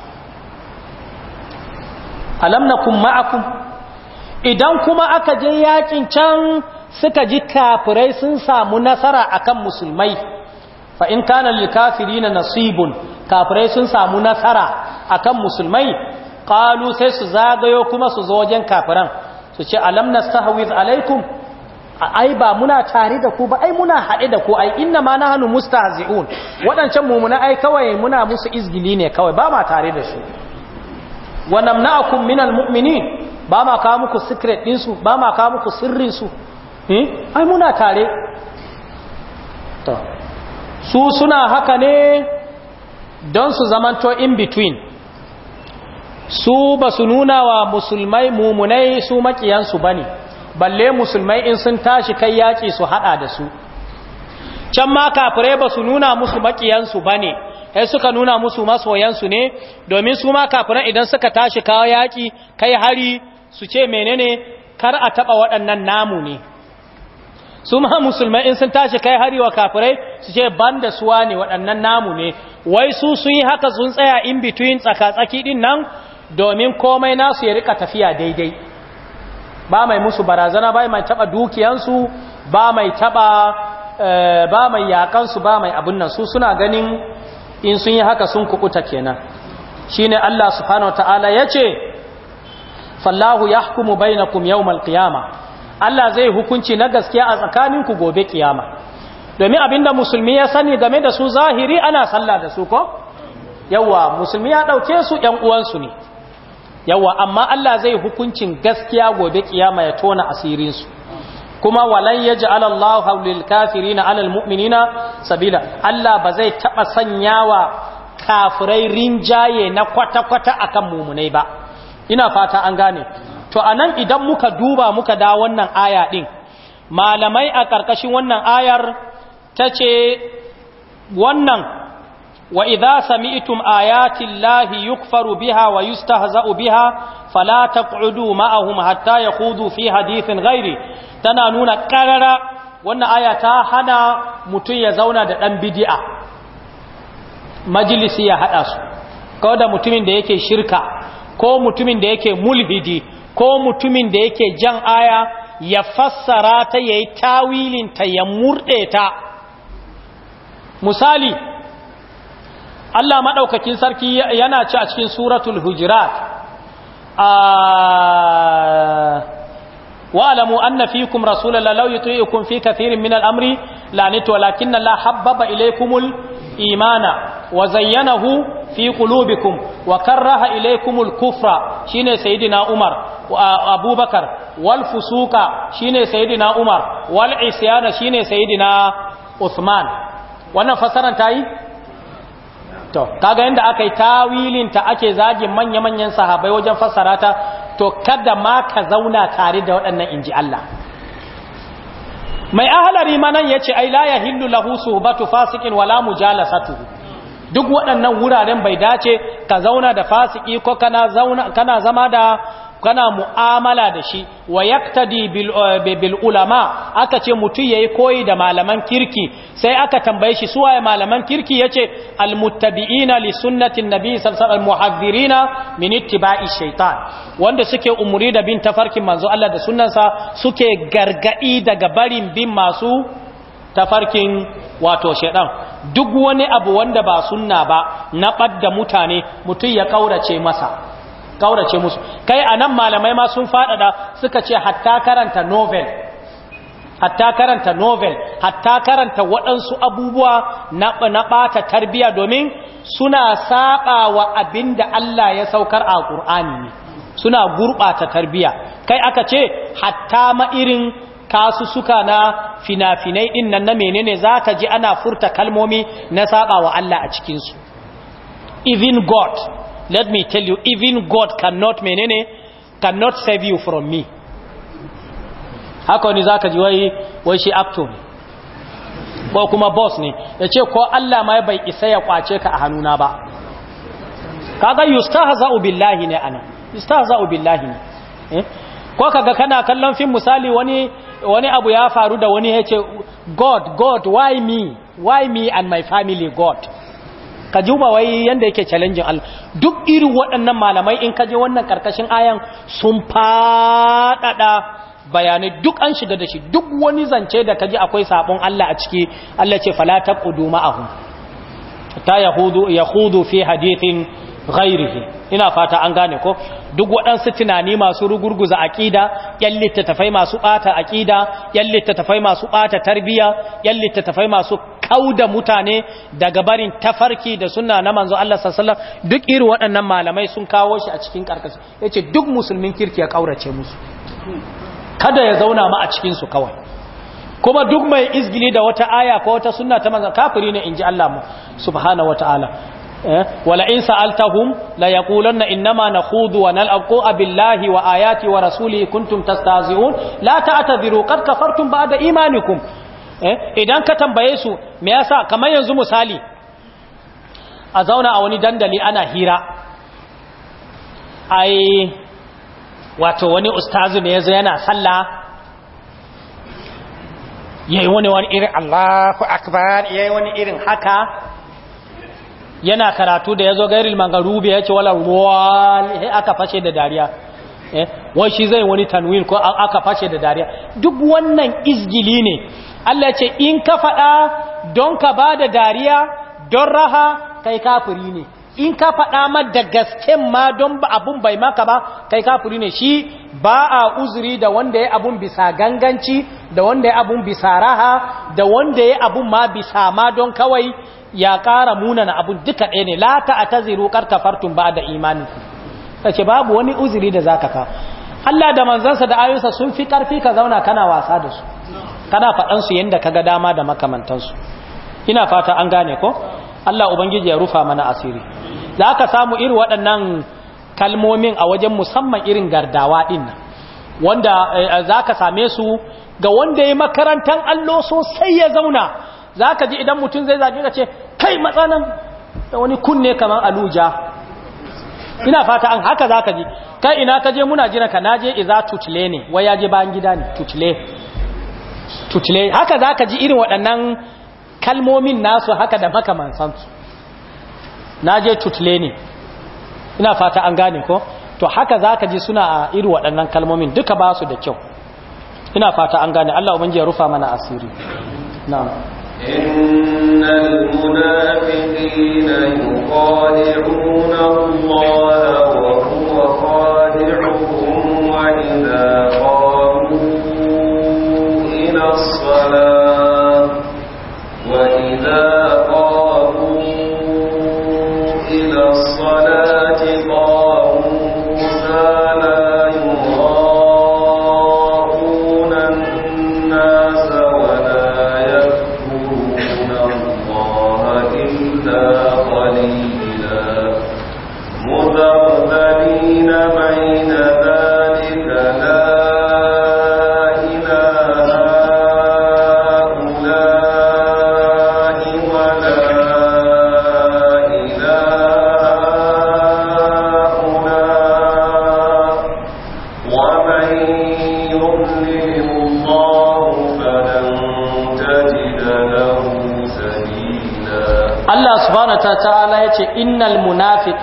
alam nakum ma'akum idan kuma aka je yakin can suka ji kafirai sun samu nasara akan musulmai fa in kana lil na nasibun kafirai sun samu nasara akan musulmai qalu sai su zagayo kuma su zo wajen kafiran su ce alam nastahwiz alaikum ai ba muna tare da ku ba ai muna haɗe da ku ai inna ma hannu mustahzi'un Waɗancan mumuna ai kawai muna musu izgili ne kawai ba ma tare da su wa namna'akum minal mu'minin ba ma kawo muku secret su ba ma kawo muku su eh ai muna tare to su suna haka ne don su zamanto in between su ba su nuna wa musulmai mumunai su makiyansu ba balle musulmai in sun tashi kai yaƙi su haɗa da su can ma kafirai ba su nuna musu makiyansu bane. sai suka nuna musu masoyansu ne domin su ma kafiran idan suka tashi kawo yaki kai hari su ce menene kar a taba waɗannan namu ne su ma musulmai in sun tashi kai hari wa kafirai su ce ban da suwa ne waɗannan namu ne wai su sun yi haka sun tsaya in between tsakatsaki din nan domin komai nasu ya rika tafiya daidai ba mai musu barazana ba mai taba dukiyansu ba mai taba eh, ba mai yakansu ba mai abun nan su suna ganin in sun yi haka sun kukuta kenan shine Allah subhanahu wataala yace fallahu yahkumu bainakum yawmal qiyama Allah zai hukunci na gaskiya a tsakanin ku gobe kiyama domin abinda musulmi ya sani game da su zahiri ana sallah da su ko yawa musulmi ya dauke su yan uwansu ne yawa amma Allah zai hukuncin gaskiya gobe kiyama ya tona asirinsu kuma walan yaj'ala Allahu kafiri na 'alal mu'minina sabila Allah ba zai taɓa sanya wa kafirai rinjaye na kwata-kwata akan mumunai ba ina fata an gane to anan idan muka duba muka da wannan aya ɗin malamai a ƙarƙashin wannan ayar tace wannan wa idza sami'tum ayati llahi yukfaru biha wa yustahza'u biha fala taq'udu ma'ahum hatta yakhudu fi hadithin ghairi tana nuna karara wannan aya ta hana mutun ya zauna da dan bid'a majalisi ya hada su ko da mutumin da yake shirka ko mutumin da yake mulhidi ko mutumin da yake jan aya ya fassara ta yayi tawilin ta ya murde ta misali Allah maɗaukakin sarki yana ci a cikin suratul hujurat wa'alamu anna fikum rasulallah law yuti'ukum fi kathirin min al-amri la nitu walakinna la imana wa zayyanahu fi qulubikum wa karraha ilaikumul kufra shine sayyidina umar abubakar wal fusuqa shine sayyidina umar wal isyana shine sayyidina usman wannan fasaran tayi to kaga yanda aka yi tawilin ta ake zagin manya-manyan sahabbai wajen fassara ta to kada ma ka zauna tare da waɗannan inji Allah mai ahalari manan ya ce ai la ya hindu lahu suhbatu fasikin wala mujalasatu duk waɗannan wuraren bai dace ka zauna da fasiki ko kana zauna kana zama da kana mu'amala da shi wa yaktadi bil, eh, bil ulama aka ce mutum yayi koyi da malaman kirki sai aka tambaye shi suwaye malaman kirki yace al muttabi'ina li sunnatin nabi sallallahu alaihi muhazzirina min ittiba'i shaytan wanda suke umuri da bin tafarkin manzo Allah da sunnansa suke gargadi daga barin bin masu tafarkin wato shaidan duk wani abu wanda ba sunna ba na ɓadda mutane mutum ya ƙaurace masa kaurace musu kai anan malamai ma sun faɗaɗa suka ce hatta karanta novel hatta karanta novel hatta karanta waɗansu abubuwa na ɓata tarbiya domin suna saba wa abinda Allah ya saukar a ƙur'ani ne suna gurɓata tarbiya kai aka ce hatta ma irin suka na fina-finai ɗin nan na menene za ka ji ana furta kalmomi na saba wa Allah a cikinsu even God let me tell you even god cannot menene cannot save you from me haka wani zaka ji wai wai shi actor ne ko kuma boss ne ce ko Allah ma bai isa ya kwace ka a hannuna ba kaga yustahza'u ubillahi ne ana yustahza'u ubillahi ne eh? ko kaga kana kallon fim misali wani wani abu ya faru da wani yace god god why me why me and my family god ka juba wai yanda yake challenging Allah duk irin waɗannan malamai in ka je wannan karkashin ayan sun faɗaɗa bayanai duk an shiga da shi duk wani zance da ka ji akwai sabon Allah a ciki Allah ce fala taqudu ma'ahum ta yahudu hudu fi hadithin ghairihi ina fata an gane ko duk waɗansu tunani masu rugurguza aqida yan littattafai masu bata aƙida yan littattafai masu bata tarbiyya yan littattafai masu kauda mutane daga barin tafarki da sunna na manzo Allah sallallahu duk irin waɗannan malamai sun kawo shi a cikin karkashin yace duk musulmin kirki ya kaurace musu kada ya zauna ma a cikin su kawai kuma duk mai izgili da wata aya ko wata sunna ta manzo kafiri ne inji Allah mu subhanahu wataala eh, wala in sa'altahum la yaqulanna innama nakhudu wa nalqu billahi wa ayati wa rasulihi kuntum tastahzi'un la ta'tadiru qad kafartum ba'da imanikum Eh? idan ka tambaye su me yasa kamar yanzu misali a zauna a wani dandali ana hira ai wato wani ustazu ne yazo yana sallah yayi wani wani irin Allahu akbar yayi wani irin haka yana karatu da yazo gairil mangarubi yace wala wal aka fashe da dariya Eh? wani shi zai wani tanwil ko aka fashe da dariya duk wannan izgili ne Allah ce in ka faɗa don ka ba da dariya don raha kai kafiri ne in ka faɗa ma da gaske ma don abun bai maka ba kai kafiri ne shi ba a uzuri da wanda ya abun bisa ganganci da wanda ya abun bisa raha da wanda ya abun ma bisa ma don kawai ya ƙara munana abun duka ɗaya ne la ta a taziru fartun ba da imaninku ce babu wani uzuri da zaka ka Allah da manzansa da ayyusa sun fi karfi ka zauna kana wasa da su kana faɗan su yanda kaga dama da makamantansu ina fata an gane ko Allah ubangiji ya rufa mana asiri za ka samu irin waɗannan kalmomin a wajen musamman irin gardawa din wanda eh, za ka same su ga wanda ya makarantar allo sosai ya zauna zaka ji idan mutum zai zaɓi da ce kai matsanan da wani kunne kamar aluja ina fata an haka za ka ji kai ina ka je muna jina ka naje iza tutule ne wa ya je bayan gida ne tutule tutule haka za ka ji irin waɗannan kalmomin nasu haka da makamansansu naje tutule ne ina fata an gane ko to haka za ka ji suna a irin waɗannan kalmomin duka ba su da kyau ina fata an gane Allah ubangiji ya rufa mana asiri na'am إن المنافقين يخادعون الله وهو خادعهم وإذا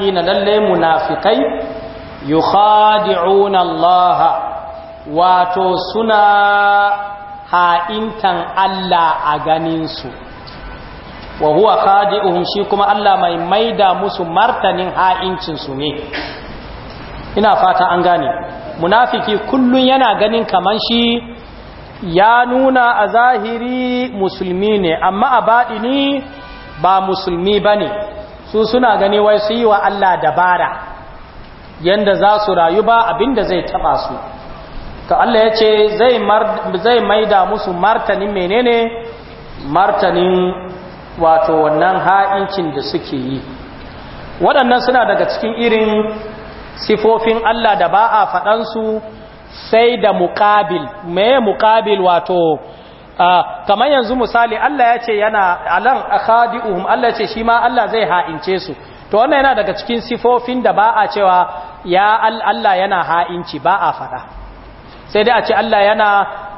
munafiqina lalle munafikai yukhadi'una Allah wato suna ha'intan Allah a ganin su wa huwa khadi'uhum shi kuma Allah mai maida musu martanin ha'incin su ne ina fata an gane munafiki kullun yana ganin kaman shi ya nuna a zahiri musulmi ne amma a ba musulmi bane su suna gani wai su yi wa Allah dabara yanda za su rayu ba abinda zai taba su to Allah ya ce zai maida musu martanin menene martanin wato wannan ha'incin da suke yi waɗannan suna daga cikin irin sifofin Allah da ba a faɗansu sai da muƙabil me muƙabil wato Ah, kamar yanzu misali Allah ya ce yana alan akhadi'uhum Allah ya ce shi ma Allah zai ha'ince su to wannan yana daga cikin sifofin da ba a cewa ya Allah yana ha'inci ba a faɗa sai dai a ce Allah yana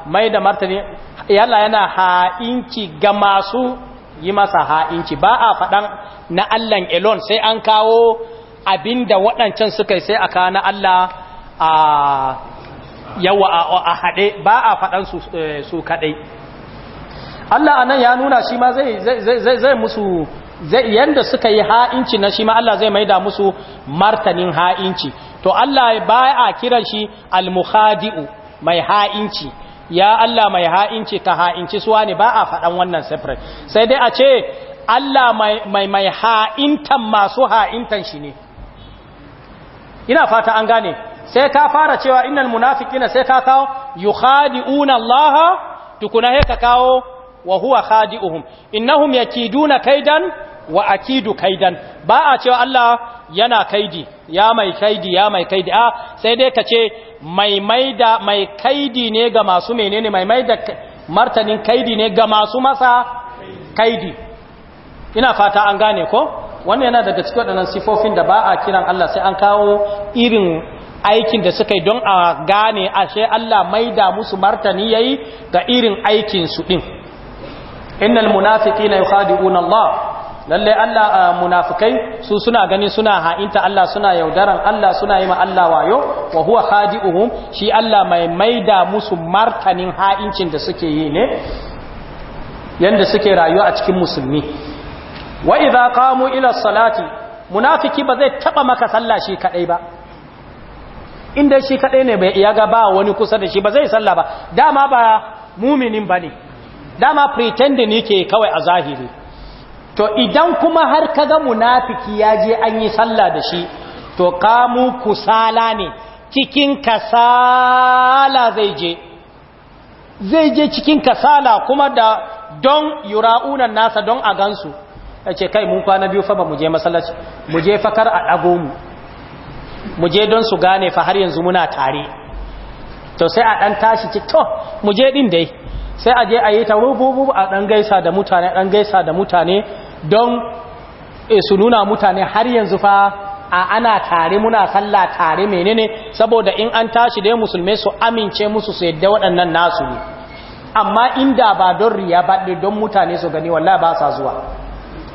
mai da martani Allah yana ha'inci ga masu yi masa ha'inci ba a faɗan na Allah elon sai an kawo abinda waɗancan suka yi sai a kawo na Allah a yawa a haɗe ba a faɗan su eh, kaɗai Allah anan ya nuna shi ma zai zai zai musu zai yanda suka yi ha'inci na shi ma Allah zai maida musu martanin ha'inci to Allah baya kiran shi al-mukhadi'u mai ha'inci ya Allah mai ha'inci ka ha'inci suwa ne ba a faɗan wannan separate sai dai a ce Allah mai mai ha'intan masu ha'intan shi ne ina fata an gane sai ka fara cewa innal munafiqina sai ka kawo yukhadi'una Allah tukuna he ka kawo wa huwa khadi'uhum innahum yakiduna kaidan wa akidu kaidan ba a cewa Allah yana kaidi ya mai kaidi ya mai kaidi a sai dai kace mai maida mai kaidi ne ga masu menene mai maida martanin kaidi ne ga masu masa kaidi ina fata an gane ko wannan yana daga cikin waɗannan sifofin da ba a kiran Allah sai an kawo irin aikin da suka yi don a gane ashe Allah maida musu martani yayi ga irin aikin su din innal munafiqina yukhadi'una Allah lalle Allah ah, munafikai su suna gani suna ha'inta Allah suna yaudaran Allah suna yi ma Allah wayo wa huwa khadi'uhum shi Allah mai maida musu martanin ha'incin da suke yi ne yanda suke rayuwa a cikin musulmi wa idza qamu ila salati munafiki ba zai taba maka sallah shi kadai ba inda shi kadai ne bai iya ga ba wani kusa da shi ba zai sallah ba dama ba muminin bane dama pretending yake kawai a zahiri to idan kuma har ka ga munafiki ya je an yi sallah da shi to kamu kusala ne cikin kasala zai je zai je cikin kasala kuma da don yura'unan nasa don a gansu ya ce kai mun kwana biyu fa ba mu je masallaci mu je fakar a dago mu mu je don su gane fa har yanzu muna tare to sai a ɗan tashi ce to mu je ɗin dai sai a je a yi ta rububu a ɗan gaisa da mutane ɗan gaisa da mutane don eh, su nuna mutane har yanzu fa a ana tare muna sallah tare menene saboda in an tashi dai musulmai su amince musu su yadda waɗannan nasu ne amma inda ba don riya baɗe don mutane su gani wallahi ba sa zuwa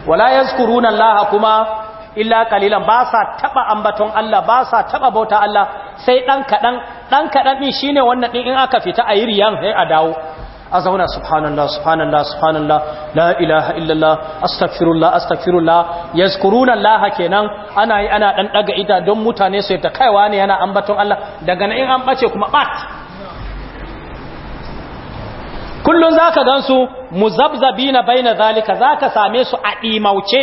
wala yazkuruna laha kuma illa kalilan ba sa taba ambaton Allah ba sa taba bauta Allah sai dan kadan dan kadan shi shine wannan ɗin in aka fita a yi riyan sai a dawo a zauna subhanallah subhanallah subhanallah la ilaha illallah astaghfirullah astaghfirullah yazkuruna Allah kenan ana yi ana dan daga ita don mutane su ta kaiwa ne yana ambaton Allah daga nan in an bace kuma bat kullun zaka gansu muzabzabina baina zalika zaka same su a imauce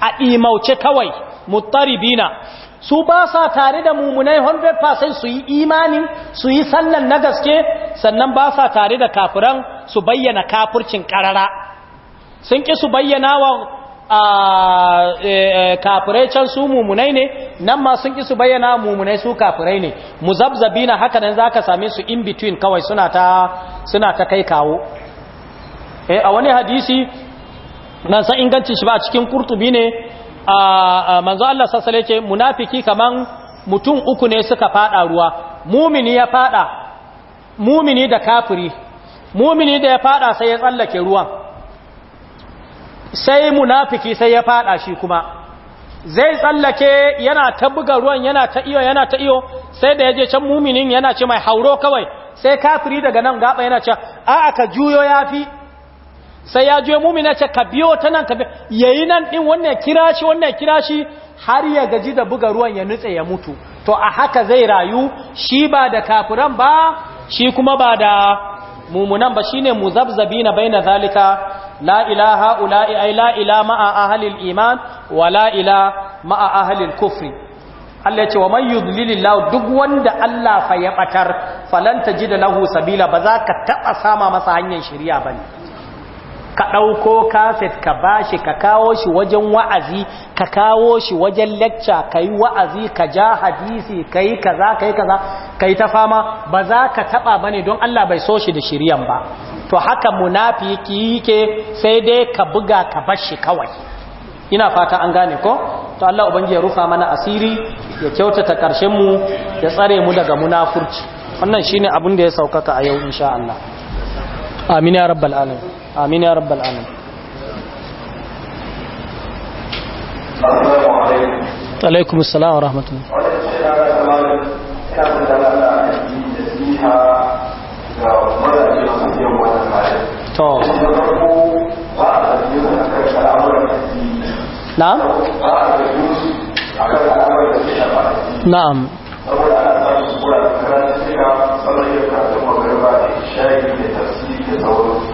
a imauce kawai muttaribina su ba sa tare da mumunai 100% su yi imani su yi sallan na gaske sannan ba sa tare da kafiran su bayyana kafircin karara sun ki su bayyana wa e, e, kafirai can su mumunai ne nan ma sun ki su bayyana mumunai su kafirai ne Mu zabzabi na haka nan za ka same su in between kawai suna ta, ta kai kawo eh, a wani hadisi nan san ingancin shi ba cikin kurtubi ne manzo Allah sassale ce munafiki kaman mutum uku ne suka fada ruwa mumini ya fada mumini da kafiri mumini da ya fada sai ya tsallake ruwan sai munafiki sai ya fada shi kuma zai tsallake yana ta buga ruwan yana ta iyo yana ta iyo sai da yaje can muminin yana ce mai hauro kawai sai kafiri daga nan gaba yana ce a aka juyo ya fi. sai ya je mumina ce ka biyo ta nan ka biyo yi nan ɗin wannan kira shi wannan kira shi har ya gaji da buga ruwan ya nutse ya mutu to a haka zai rayu shi ba da kafiran ba shi kuma ba da mumunan ba shine na baina zalika la ilaha ula'i ay la ila ma'a iman wa la ila ma'a kufri Allah ya ce wa man yudlilillahu duk wanda Allah fa ya batar falan tajida lahu sabila ba za ka taba sama masa hanyar shari'a bane ka ɗauko kaset ka bashi ka kawo shi wajen wa'azi ka kawo shi wajen lecca ka yi wa'azi ka ja hadisi ka yi kaza ka yi kaza ka yi ta fama ba za ka taɓa ba ne don Allah bai so shi da shiriyan ba to haka munafiki ke sai dai ka buga ka bashi kawai ina fata an gane ko to Allah ubangiji ya rufa mana asiri ya kyautata ƙarshen mu ya tsare mu daga munafurci wannan shine abin da ya saukaka a yau insha Allah amin ya rabbal alamin آمين يا رب العالمين السلام عليكم عليكم السلام ورحمة الله طيب. نعم نعم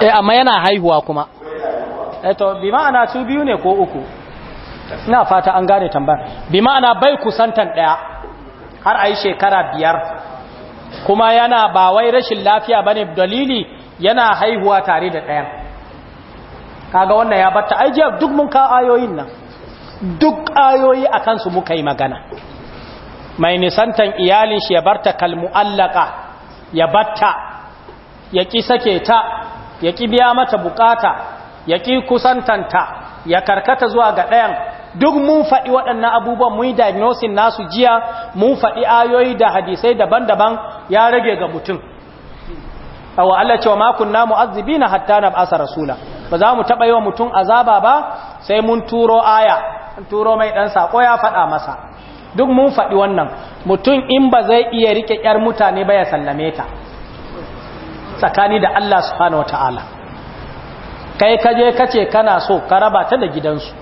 eh amma yana haihuwa kuma eh to bi ma'ana su biyu ne ko uku ina fata an gane tambayar bi ma'ana bai kusantan daya har ayi shekara biyar kuma yana ba wai rashin lafiya bane dalili yana haihuwa tare da daya kaga wannan ya batta jiya duk mun ka ayoyin nan duk ayoyi a kansu muka yi magana mai nisantan iyalin shi ya barta kalmu'allaka ya batta ya ƙi sake ta ya ƙi biya mata bukata ya ƙi kusantanta ya karkata zuwa ga ɗayan duk mun faɗi waɗannan abubuwan mun yi diagnosis nasu jiya mun faɗi ayoyi da hadisai daban-daban ya rage ga mutum awa Allah cewa makon namu azzibina na hatta na basa rasula ba za mu taɓa yi wa mutum azaba ba sai mun turo aya mun turo mai ɗan sako ya faɗa masa duk mun faɗi wannan mutum in ba zai iya riƙe ƴar mutane ba ya sallame ta tsakani da Allah subhanahu wataala kai kaje kace kana so ka raba ta da gidansu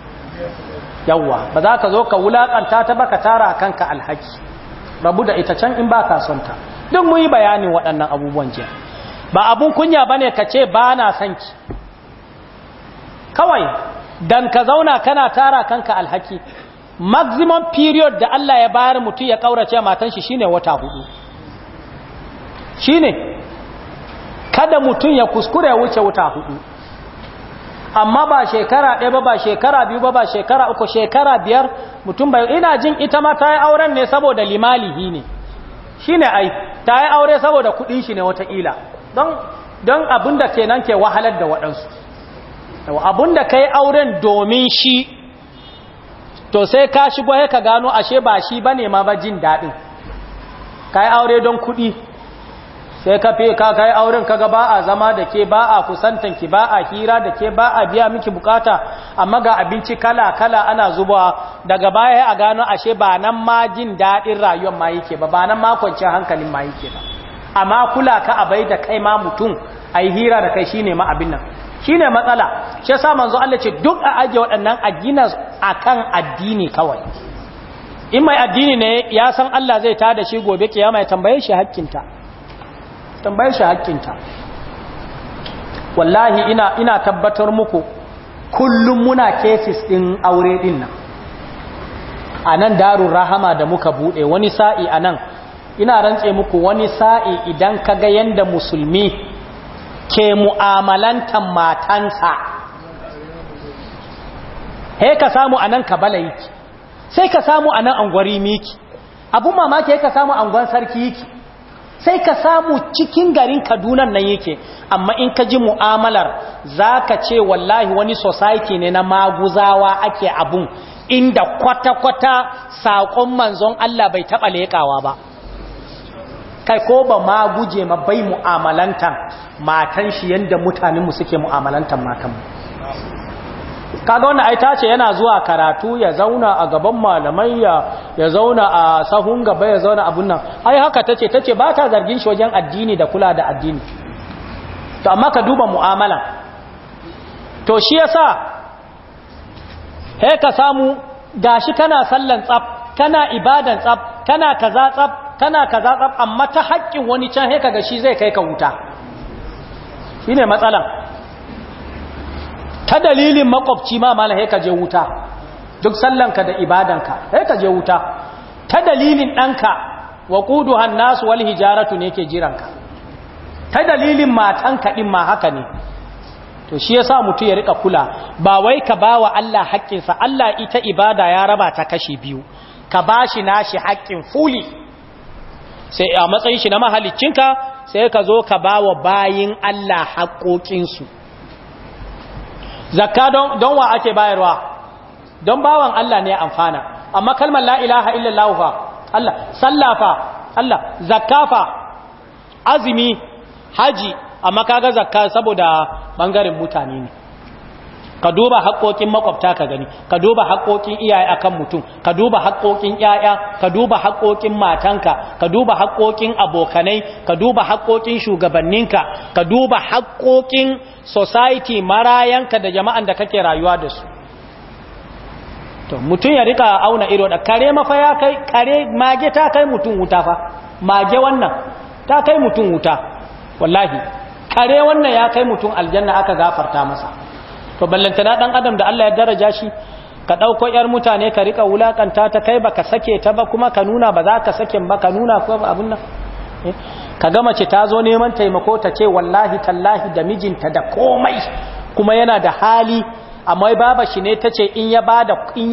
yawa ba za ka zo ka wulakanta ta baka tara kanka alhaki rabu da ita can in baka son ta duk mu yi bayanin waɗannan abubuwan jiya ba abun kunya bane ka ce ba na son ki kawai dan ka zauna kana tara kanka alhaki maximum period da Allah ya bayar mutum ya kaurace matan shi shine wata hudu shine kada mutum ya kuskure wuce wuta hudu amma ba shekara ɗaya ba ba shekara biyu ba ba shekara uku shekara biyar mutum bai ina jin ita ma ta yi auren ne saboda limalihi ne shi ne ai ta yi aure saboda kuɗin shi ne wataƙila don don ke kenan ke wahalar da waɗansu da ka yi auren domin shi to sai ka shigo ya ka gano ashe ba shi ba ne ma ba jin daɗin ka yi aure don kuɗi sai ka fi ka kai auren kaga ba a zama da ke ba a kusantan ki ba a hira da ke ba a biya miki bukata amma ga abinci kala kala ana zubawa daga baya a gano ashe ba nan ma jin dadin rayuwar ma yake ba ba nan ma kwanciyar hankalin ma yake ba amma kula ka a bai da kai ma mutum ai hira da kai shine ma abin nan shine matsala shi yasa manzo Allah ce duk a aje waɗannan a akan addini kawai in mai addini ne ya san Allah zai tada shi gobe kiyama ya tambaye shi hakkinta tambaye shi haƙƙinka wallahi ina ina tabbatar muku kullum muna cases din aure din nan a nan darun rahama da muka bude wani sa'i a nan ina rantse muku wani sa'i idan ka ga yanda musulmi ke mu'amalantan matansa he ka samu a nan kabala yiki sai ka samu a nan angwari miki abu mamaki he ka samu gwan sarki yiki sai ka samu cikin garin kaduna nan yake amma in ka ji mu'amalar za ka ce wallahi wani society ne na maguzawa ake abun inda kwata-kwata saƙon manzon Allah bai taɓa leƙawa ba kai ko ba ma guje ma bai mu'amalantan matan shi yadda mutanenmu suke mu'amalantan matanmu kaga wannan ai tace yana zuwa karatu ya zauna a gaban malamai ya zauna a sahun gaba ya zauna abun nan ai haka tace tace ba ta zargin shi wajen addini da kula da addini to amma ka duba mu'amala to shi yasa he ka samu gashi kana sallan tsaf kana ibadan tsaf kana kaza tsaf kana kaza tsaf amma ta haƙƙin wani can he ga shi zai kai ka wuta shine matsalan ta dalilin makwabci ma mala haika je wuta duk sallanka da ibadanka haika je wuta ta dalilin ɗanka wa ƙudu hannasu wal hijaratu ne ke jiranka ta dalilin matanka ɗin ma haka ne to shi ya sa mutum ya riƙa kula ba wai ka bawa Allah haƙƙinsa Allah ita ibada ya raba ta kashi biyu ka bashi nashi haƙƙin fuli sai a matsayin shi na mahalicinka sai ka zo ka bawa bayin Allah haƙƙoƙinsu zakka don wa ake bayarwa don bawan Allah ne amfana amma kalmar la ilaha illallah fa Allah sallafa Allah zakkafa azumi haji amma kaga zakka saboda bangaren mutane ne ka duba haƙoƙin makwabta ka gani ka duba haƙoƙin iyaye akan mutum ka duba haƙoƙin yaya ka duba haƙoƙin matanka ka duba haƙoƙin abokanai ka duba haƙoƙin shugabanninka ka duba haƙoƙin society marayanka da jama'an da kake rayuwa da su to mutum ya rika auna ido da kare mafa ya kai kare mage ta kai mutum wuta fa mage wannan ta kai mutum wuta wallahi kare wannan ya kai mutum aljanna aka gafarta masa to ballantana dan adam da Allah ya daraja shi ka dauko 'yar mutane ka rika wulakanta ta kai baka sake ta ba kuma ka nuna ba za ka sake ba ka nuna kuma abin nan eh, ka gama ce ta zo neman taimako ta ce wallahi tallahi da mijinta da komai kuma yana da hali amma baba shi ne ta ce in ya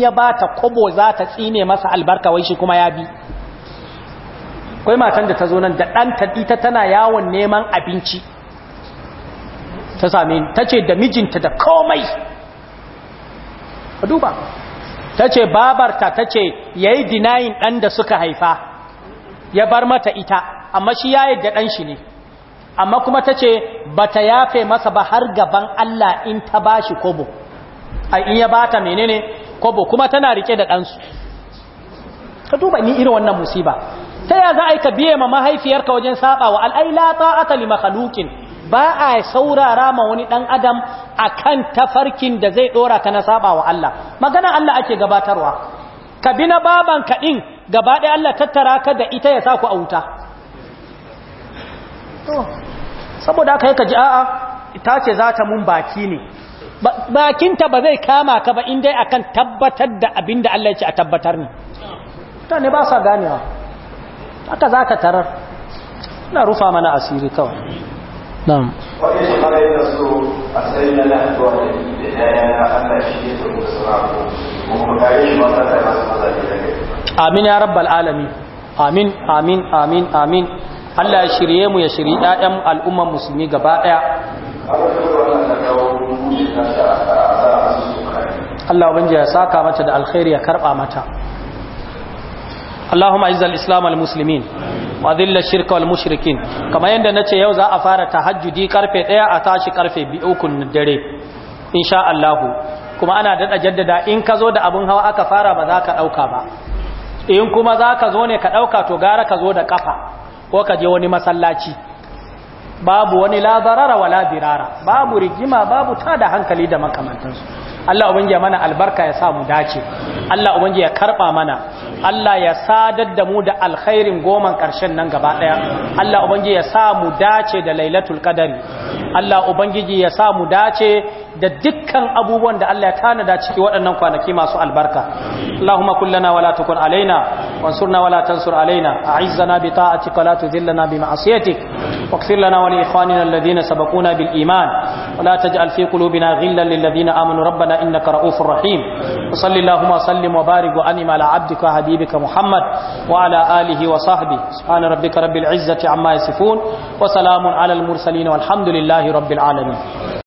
bata kobo za ta tsine masa albarka wai shi kuma ya bi kwai matan da ta zo nan da ɗanta ita tana yawon neman abinci ta same ta ce da mijinta da komai duba ta ce babarta ta ce ya yi dinayin ɗan da suka haifa ya bar mata ita amma shi ya yadda ɗan shi ne amma kuma ta ce ba ta yafe masa ba har gaban Allah in ta ba shi kobo a in ya ba ta menene kobo kuma tana rike da ɗansu ka duba ni irin wannan musiba ta ya za a yi ka biye ma mahaifiyarka wajen saba wa al'aila ta'ata li makhluqin ba a saurara ma wani ɗan adam a kan tafarkin da zai ɗora ka na saba wa Allah magana Allah ake gabatarwa ka bi na baban ka ɗin gaba ɗaya Allah tattara ka da ita ya sa ku a wuta saboda aka yi ka ji a'a ta ce za ta mun baki ne bakinta ba zai kama ka ba inda akan tabbatar da abin da Allah ya ce a tabbatar ne ne ba sa ganewa haka za tarar na rufa mana asiri kawai na'am wani shi ya amin ya rabbal alami amin amin amin amin Allah ya shirye mu ya shirye ƴaƴan al'umman musulmi gaba ɗaya Allah ubangiji ya saka mata da alkhairi ya karɓa mata Allahumma izzal islam al muslimin wa dhilla shirka wal mushrikin kamar yanda nace yau za a fara tahajjudi karfe ɗaya a tashi karfe 3 na dare insha kuma ana daɗa jaddada in ka zo da abun hawa aka fara ba za ka ɗauka ba in kuma za ka zo ne ka ɗauka to gara ka zo da kafa ko ka je wani masallaci babu wani la zarara wala dirara babu rigima babu tada hankali da makamantansu Allah ya mana albarka ya sa mu dace Allah ya karba mana Allah ya sadar da mu da alkhairin goman karshen nan gaba daya Allah ubangiya ya sa mu dace da lailatul qadari Allah ubangiji ya sa mu dace da dikkan abubuwan da Allah ya tanada ciki waɗannan kwanaki masu albarka Allahumma kullana wala takun alaina wansurna wala tansur alaina a'izzana bi ta'atika la tudhillana bi ma'siyatik waghfir lana wa li ikhwanina alladhina sabaquna bil iman wala taj'al fi qulubina ghillan lil ladina amanu rabbana innaka ra'ufur rahim wa salli Allahumma sallim wa barik wa anim ala 'abdika habibika Muhammad wa ala alihi wa sahbihi subhana rabbika rabbil 'izzati 'amma yasifun wa salamun 'alal mursalin walhamdulillahi rabbil 'alamin